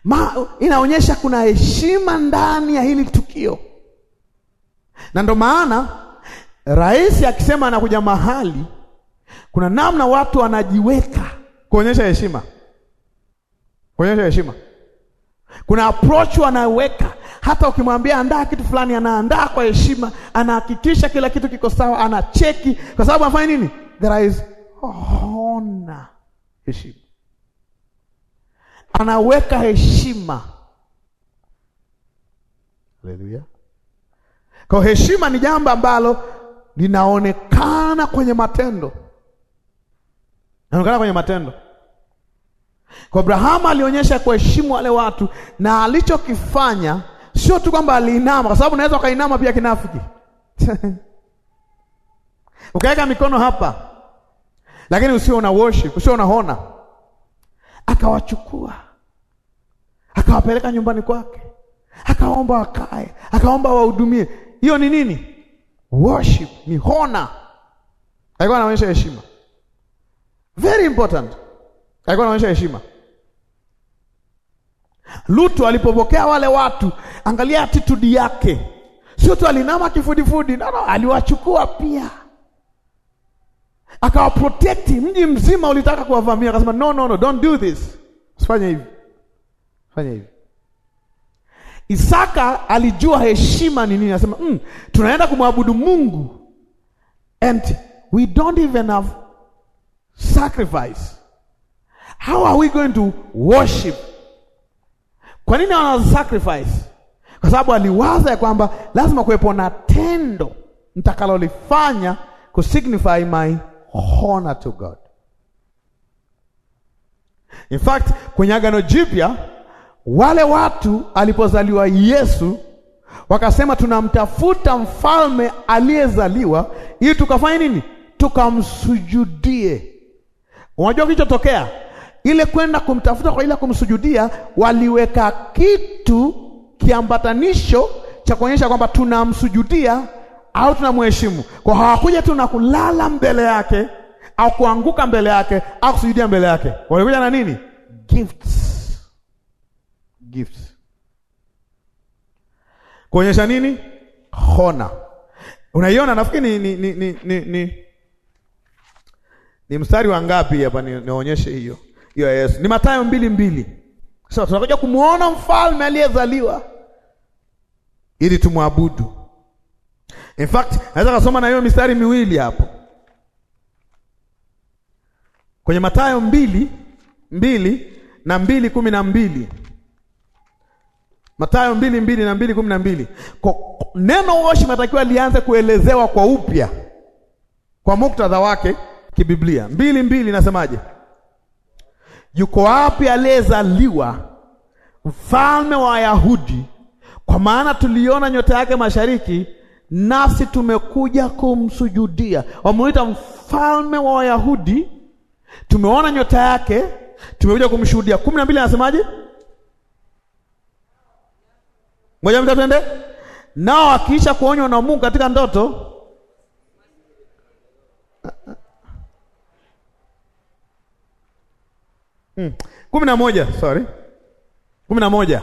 Ma, inaonyesha kuna heshima ndani ya hili tukio, na ndo maana rais akisema anakuja mahali, kuna namna watu wanajiweka kuonyesha heshima, kuonyesha heshima. Kuna approach wanaweka, hata ukimwambia andaa kitu fulani, anaandaa kwa heshima, anahakikisha kila kitu kiko sawa, anacheki, kwa sababu anafanya nini? There is honor, heshima anaweka heshima. Haleluya! Kwa heshima ni jambo ambalo linaonekana kwenye matendo, naonekana kwenye matendo. Kwa Abrahamu alionyesha kuheshimu wale watu, na alichokifanya sio tu kwamba aliinama, kwa sababu unaweza ukainama pia kinafiki *laughs* ukaweka mikono hapa, lakini usio una worship, usio unaona akawachukua akawapeleka nyumbani kwake, akaomba wakae, akaomba wahudumie. Hiyo ni nini? Worship ni hona. Alikuwa anaonyesha heshima, very important. Alikuwa anaonyesha heshima. Lutu alipopokea wale watu, angalia attitude yake, sio tu alinama kifudifudi, no, no, aliwachukua pia akawaprotekti. Mji mzima ulitaka kuwavamia, akasema no, no, no, don't do this, usifanye hivi, fanya hivi. Isaka alijua heshima ni nini, anasema mm, tunaenda kumwabudu Mungu and we don't even have sacrifice, how are we going to worship? Kwa nini wana sacrifice? Kwa sababu aliwaza ya kwamba lazima kuwepo na tendo nitakalolifanya kusignify my honor to God. In fact, kwenye Agano Jipya wale watu alipozaliwa Yesu wakasema tunamtafuta mfalme aliyezaliwa ili tukafanye nini? Tukamsujudie. Unajua kilichotokea ile kwenda kumtafuta kwa ile kumsujudia, waliweka kitu kiambatanisho cha kuonyesha kwamba tunamsujudia au tunamheshimu kwa hawakuja tu na kulala mbele yake au kuanguka mbele yake au kusujudia mbele yake, walikuja na nini? Gifts, gifts kuonyesha nini? Hona. Unaiona, nafikiri ni, ni, ni, ni, ni, ni mstari wa ngapi hapa? Nionyeshe hiyo hiyo Yesu, ni Mathayo mbili mbili. Sasa tunakuja kumwona mfalme aliyezaliwa ili tumwabudu In fact naweza kusoma na hiyo mistari miwili hapo kwenye Mathayo mbili mbili na mbili kumi na mbili Mathayo mbili mbili na mbili kumi na mbili Kwa neno woshi matakiwa lianze kuelezewa kwa upya kwa muktadha wake kibiblia. mbili mbili nasemaje? Yuko wapi aliyezaliwa mfalme wa Wayahudi? Kwa maana tuliona nyota yake mashariki, nasi tumekuja kumsujudia. Wamuita mfalme wa Wayahudi, tumeona nyota yake, tumekuja kumshuhudia. kumi na mbili anasemaje? Moja mta twende nao, akiisha kuonywa na Mungu katika ndoto hmm. kumi na moja sorry, kumi na moja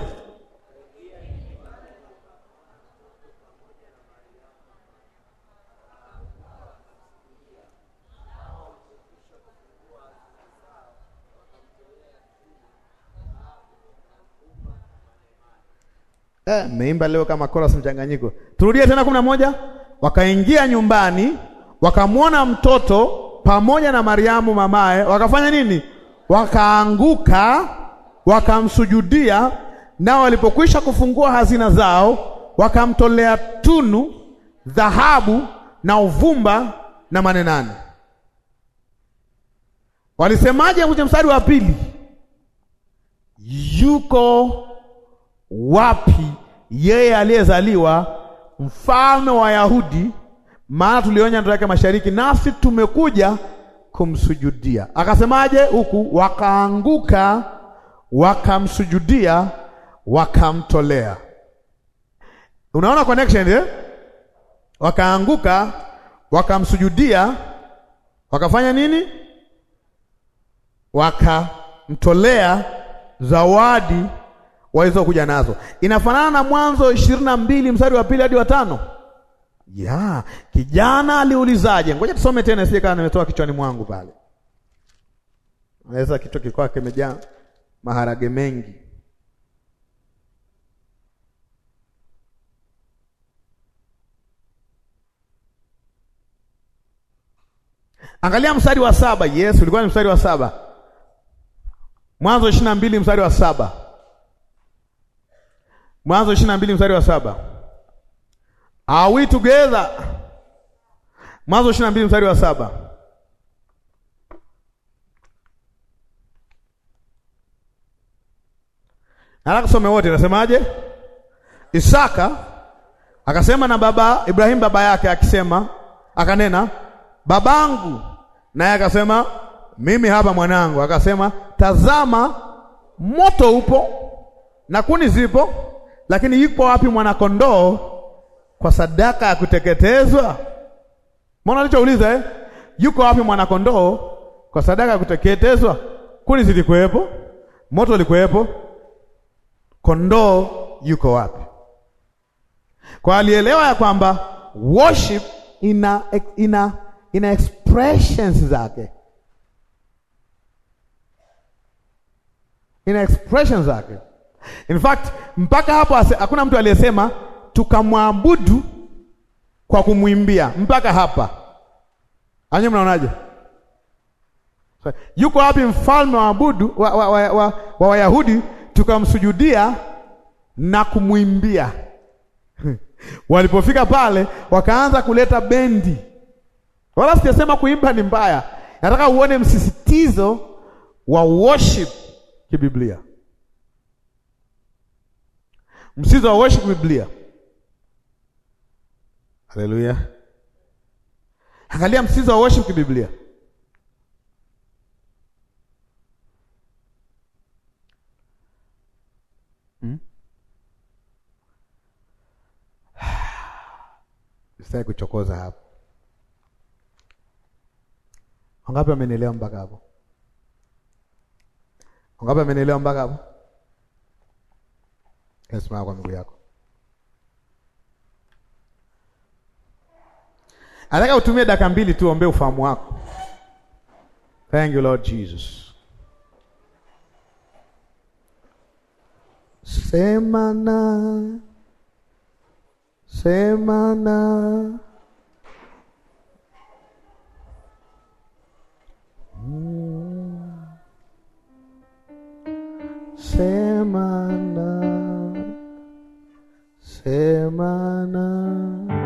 Eh, meimba leo kama chorus mchanganyiko. Turudie tena kumi na moja. Wakaingia nyumbani, wakamwona mtoto pamoja na Mariamu mamaye, wakafanya nini? Wakaanguka, wakamsujudia, nao walipokwisha kufungua hazina zao, wakamtolea tunu, dhahabu na uvumba na manenane Walisemaje kwenye mstari wa pili? Yuko wapi yeye aliyezaliwa mfalme wa Yahudi, maana tulionya ndoto yake mashariki, nasi tumekuja kumsujudia. Akasemaje huku? Wakaanguka wakamsujudia, wakamtolea. Unaona connection eh? Wakaanguka wakamsujudia, wakafanya nini? Wakamtolea zawadi walizokuja nazo. Inafanana na Mwanzo ishirini na mbili mstari wa pili hadi wa tano. Ya, kijana aliulizaje? Ngoja tusome tena sije kama nimetoa kichwani mwangu pale. Naweza kichwa kikawa kimejaa maharage mengi. Angalia mstari wa saba. Yes, ulikuwa ni mstari wa saba. Mwanzo ishirini na mbili mstari wa saba. Mwanzo ishirini na mbili mstari wa saba. Are we together? Mwanzo ishirini na mbili mstari wa saba. Nataka tusome wote, nasemaje? Isaka akasema na baba Ibrahimu baba yake akisema, akanena babangu, naye akasema mimi hapa mwanangu. Akasema tazama, moto upo na kuni zipo lakini yuko wapi mwanakondoo kwa sadaka ya kuteketezwa? Mbona alichouliza eh? Yuko wapi mwanakondoo kwa sadaka ya kuteketezwa? Kuni zilikuwepo, moto ulikuwepo, kondoo yuko wapi? Kwa alielewa ya kwamba worship ina, ina, ina expressions zake ina expressions zake In fact, mpaka hapo hakuna mtu aliyesema tukamwabudu kwa kumwimbia mpaka hapa. Anye, mnaonaje? yuko wapi mfalme wa abudu wa, wa, wa, wa, wa Wayahudi tukamsujudia na kumwimbia? *laughs* Walipofika pale wakaanza kuleta bendi. Wala sijasema kuimba ni mbaya. Nataka uone msisitizo wa worship kibiblia. Msizo wa worship Biblia. Haleluya. Angalia msizo wa worship Biblia. Hmm? *sighs* Sitaki kuchokoza hapo. Wangapi wamenielewa mpaka hapo? Wangapi wamenielewa mpaka hapo? Nasimama kwa miguu yako. Nataka utumie dakika mbili tu ombe ufahamu wako. Thank you Lord Jesus. Sema na sema na mm. sema na semana.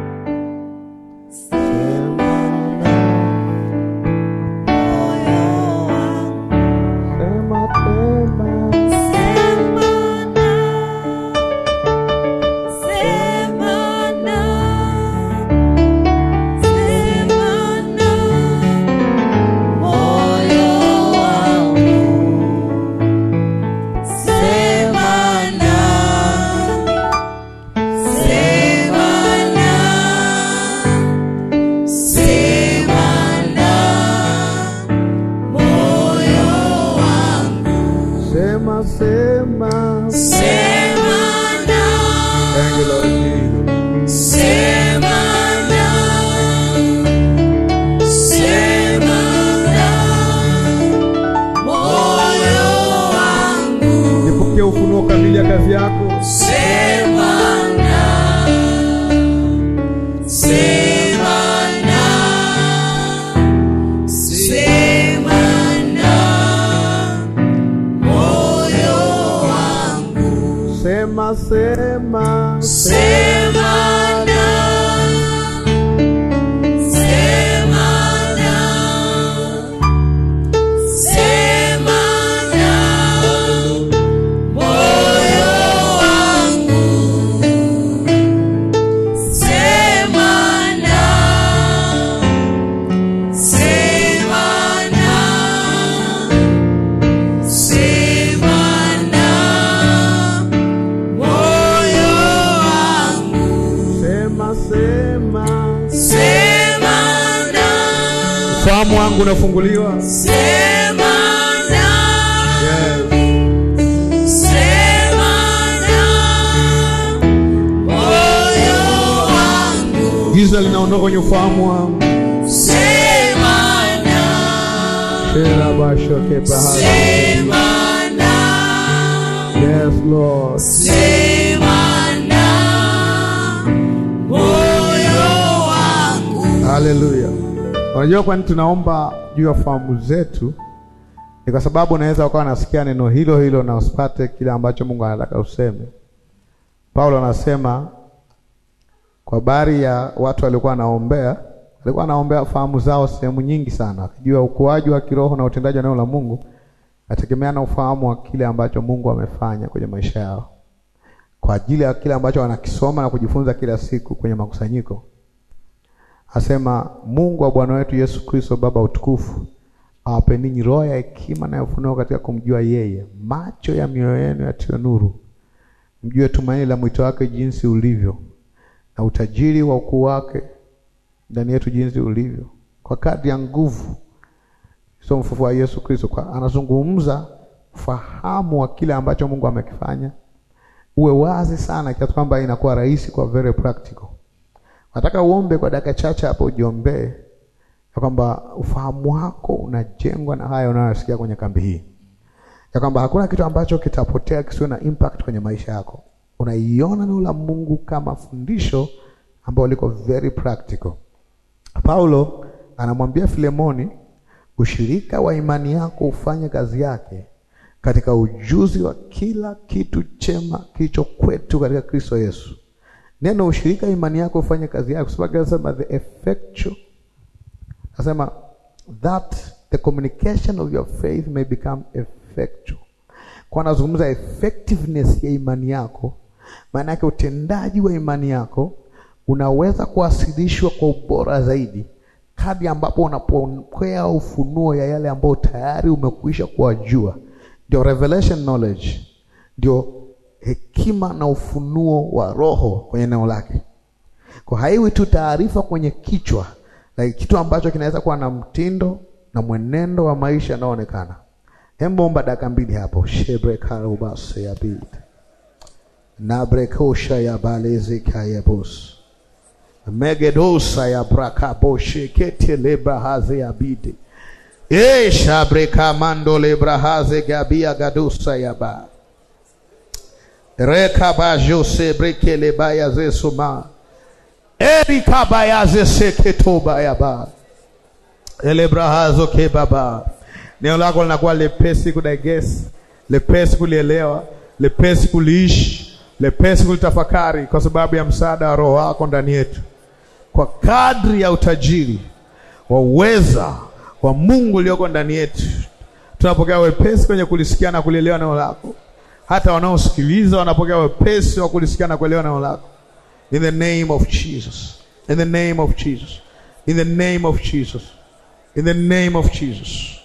tunaomba juu ya fahamu zetu ni kwa sababu unaweza ukawa nasikia neno hilo hilo na usipate kile ambacho Mungu anataka useme. Paulo anasema kwa habari ya watu waliokuwa wanaombea, walikuwa wanaombea fahamu zao sehemu nyingi sana, akijua ukuaji wa kiroho na utendaji wa neno la Mungu nategemea na ufahamu wa kile ambacho Mungu amefanya kwenye maisha yao, kwa ajili ya kile ambacho wanakisoma na kujifunza kila siku kwenye makusanyiko. Asema Mungu wa Bwana wetu Yesu Kristo Baba utukufu awape ninyi roho ya hekima na ufunuo katika kumjua yeye, macho ya mioyo yenu yatiwe nuru, mjue tumaini la mwito wake jinsi ulivyo, na utajiri wa ukuu wake ndani yetu jinsi ulivyo, kwa kadri ya nguvu so mfufu wa Yesu Kristo. Kwa anazungumza fahamu wa kile ambacho Mungu amekifanya uwe wazi sana, kiasi kwamba inakuwa rahisi kwa very practical Nataka uombe kwa dakika chache hapo, ujiombee ya kwamba ufahamu wako unajengwa na haya unayosikia kwenye kambi hii, ya kwamba hakuna kitu ambacho kitapotea kisiwe na impact kwenye maisha yako. Unaiona neno la Mungu kama fundisho ambalo liko very practical. Paulo anamwambia Filemoni, ushirika wa imani yako ufanye kazi yake katika ujuzi wa kila kitu chema kilicho kwetu katika Kristo Yesu. Neno ushirika, imani yako ufanye kazi yako, sababu anasema the effectual, anasema that the communication of your faith may become effectual. Kwa anazungumza effectiveness ya imani yako, maana yake utendaji wa imani yako unaweza kuwasilishwa kwa ubora zaidi kadi ambapo unapokea ufunuo ya yale ambayo tayari umekwisha kuwajua. Ndio revelation knowledge, ndio hekima na ufunuo wa Roho kwenye neno lake. Kwa haiwi tu taarifa kwenye kichwa, like kitu ambacho kinaweza kuwa na mtindo na mwenendo wa maisha yanayoonekana. omba dakika mbili hapo shebrekarubaseyabid nabrekosha ya balezekayabos megedosa ya brakabosheketelebrahazeyabid eshabrekamando lebrahaze gabia gadosa yaba rekabajose brekelebayazesoma erikabayazeseketobayaba elebrahazo kebaba neno lako linakuwa lepesi kudaigesi lepesi kulielewa lepesi kuliishi lepesi kulitafakari kwa sababu ya msaada wa roho wako ndani yetu kwa kadri ya utajiri wa uweza wa Mungu ulioko ndani yetu tunapokea wepesi kwenye kulisikia na kulielewa neno lako hata wanaosikiliza wanapokea wepesi wa kulisikia na kuelewa neno lako. In the name of Jesus. In the name of Jesus. In the name of Jesus. In the name of Jesus.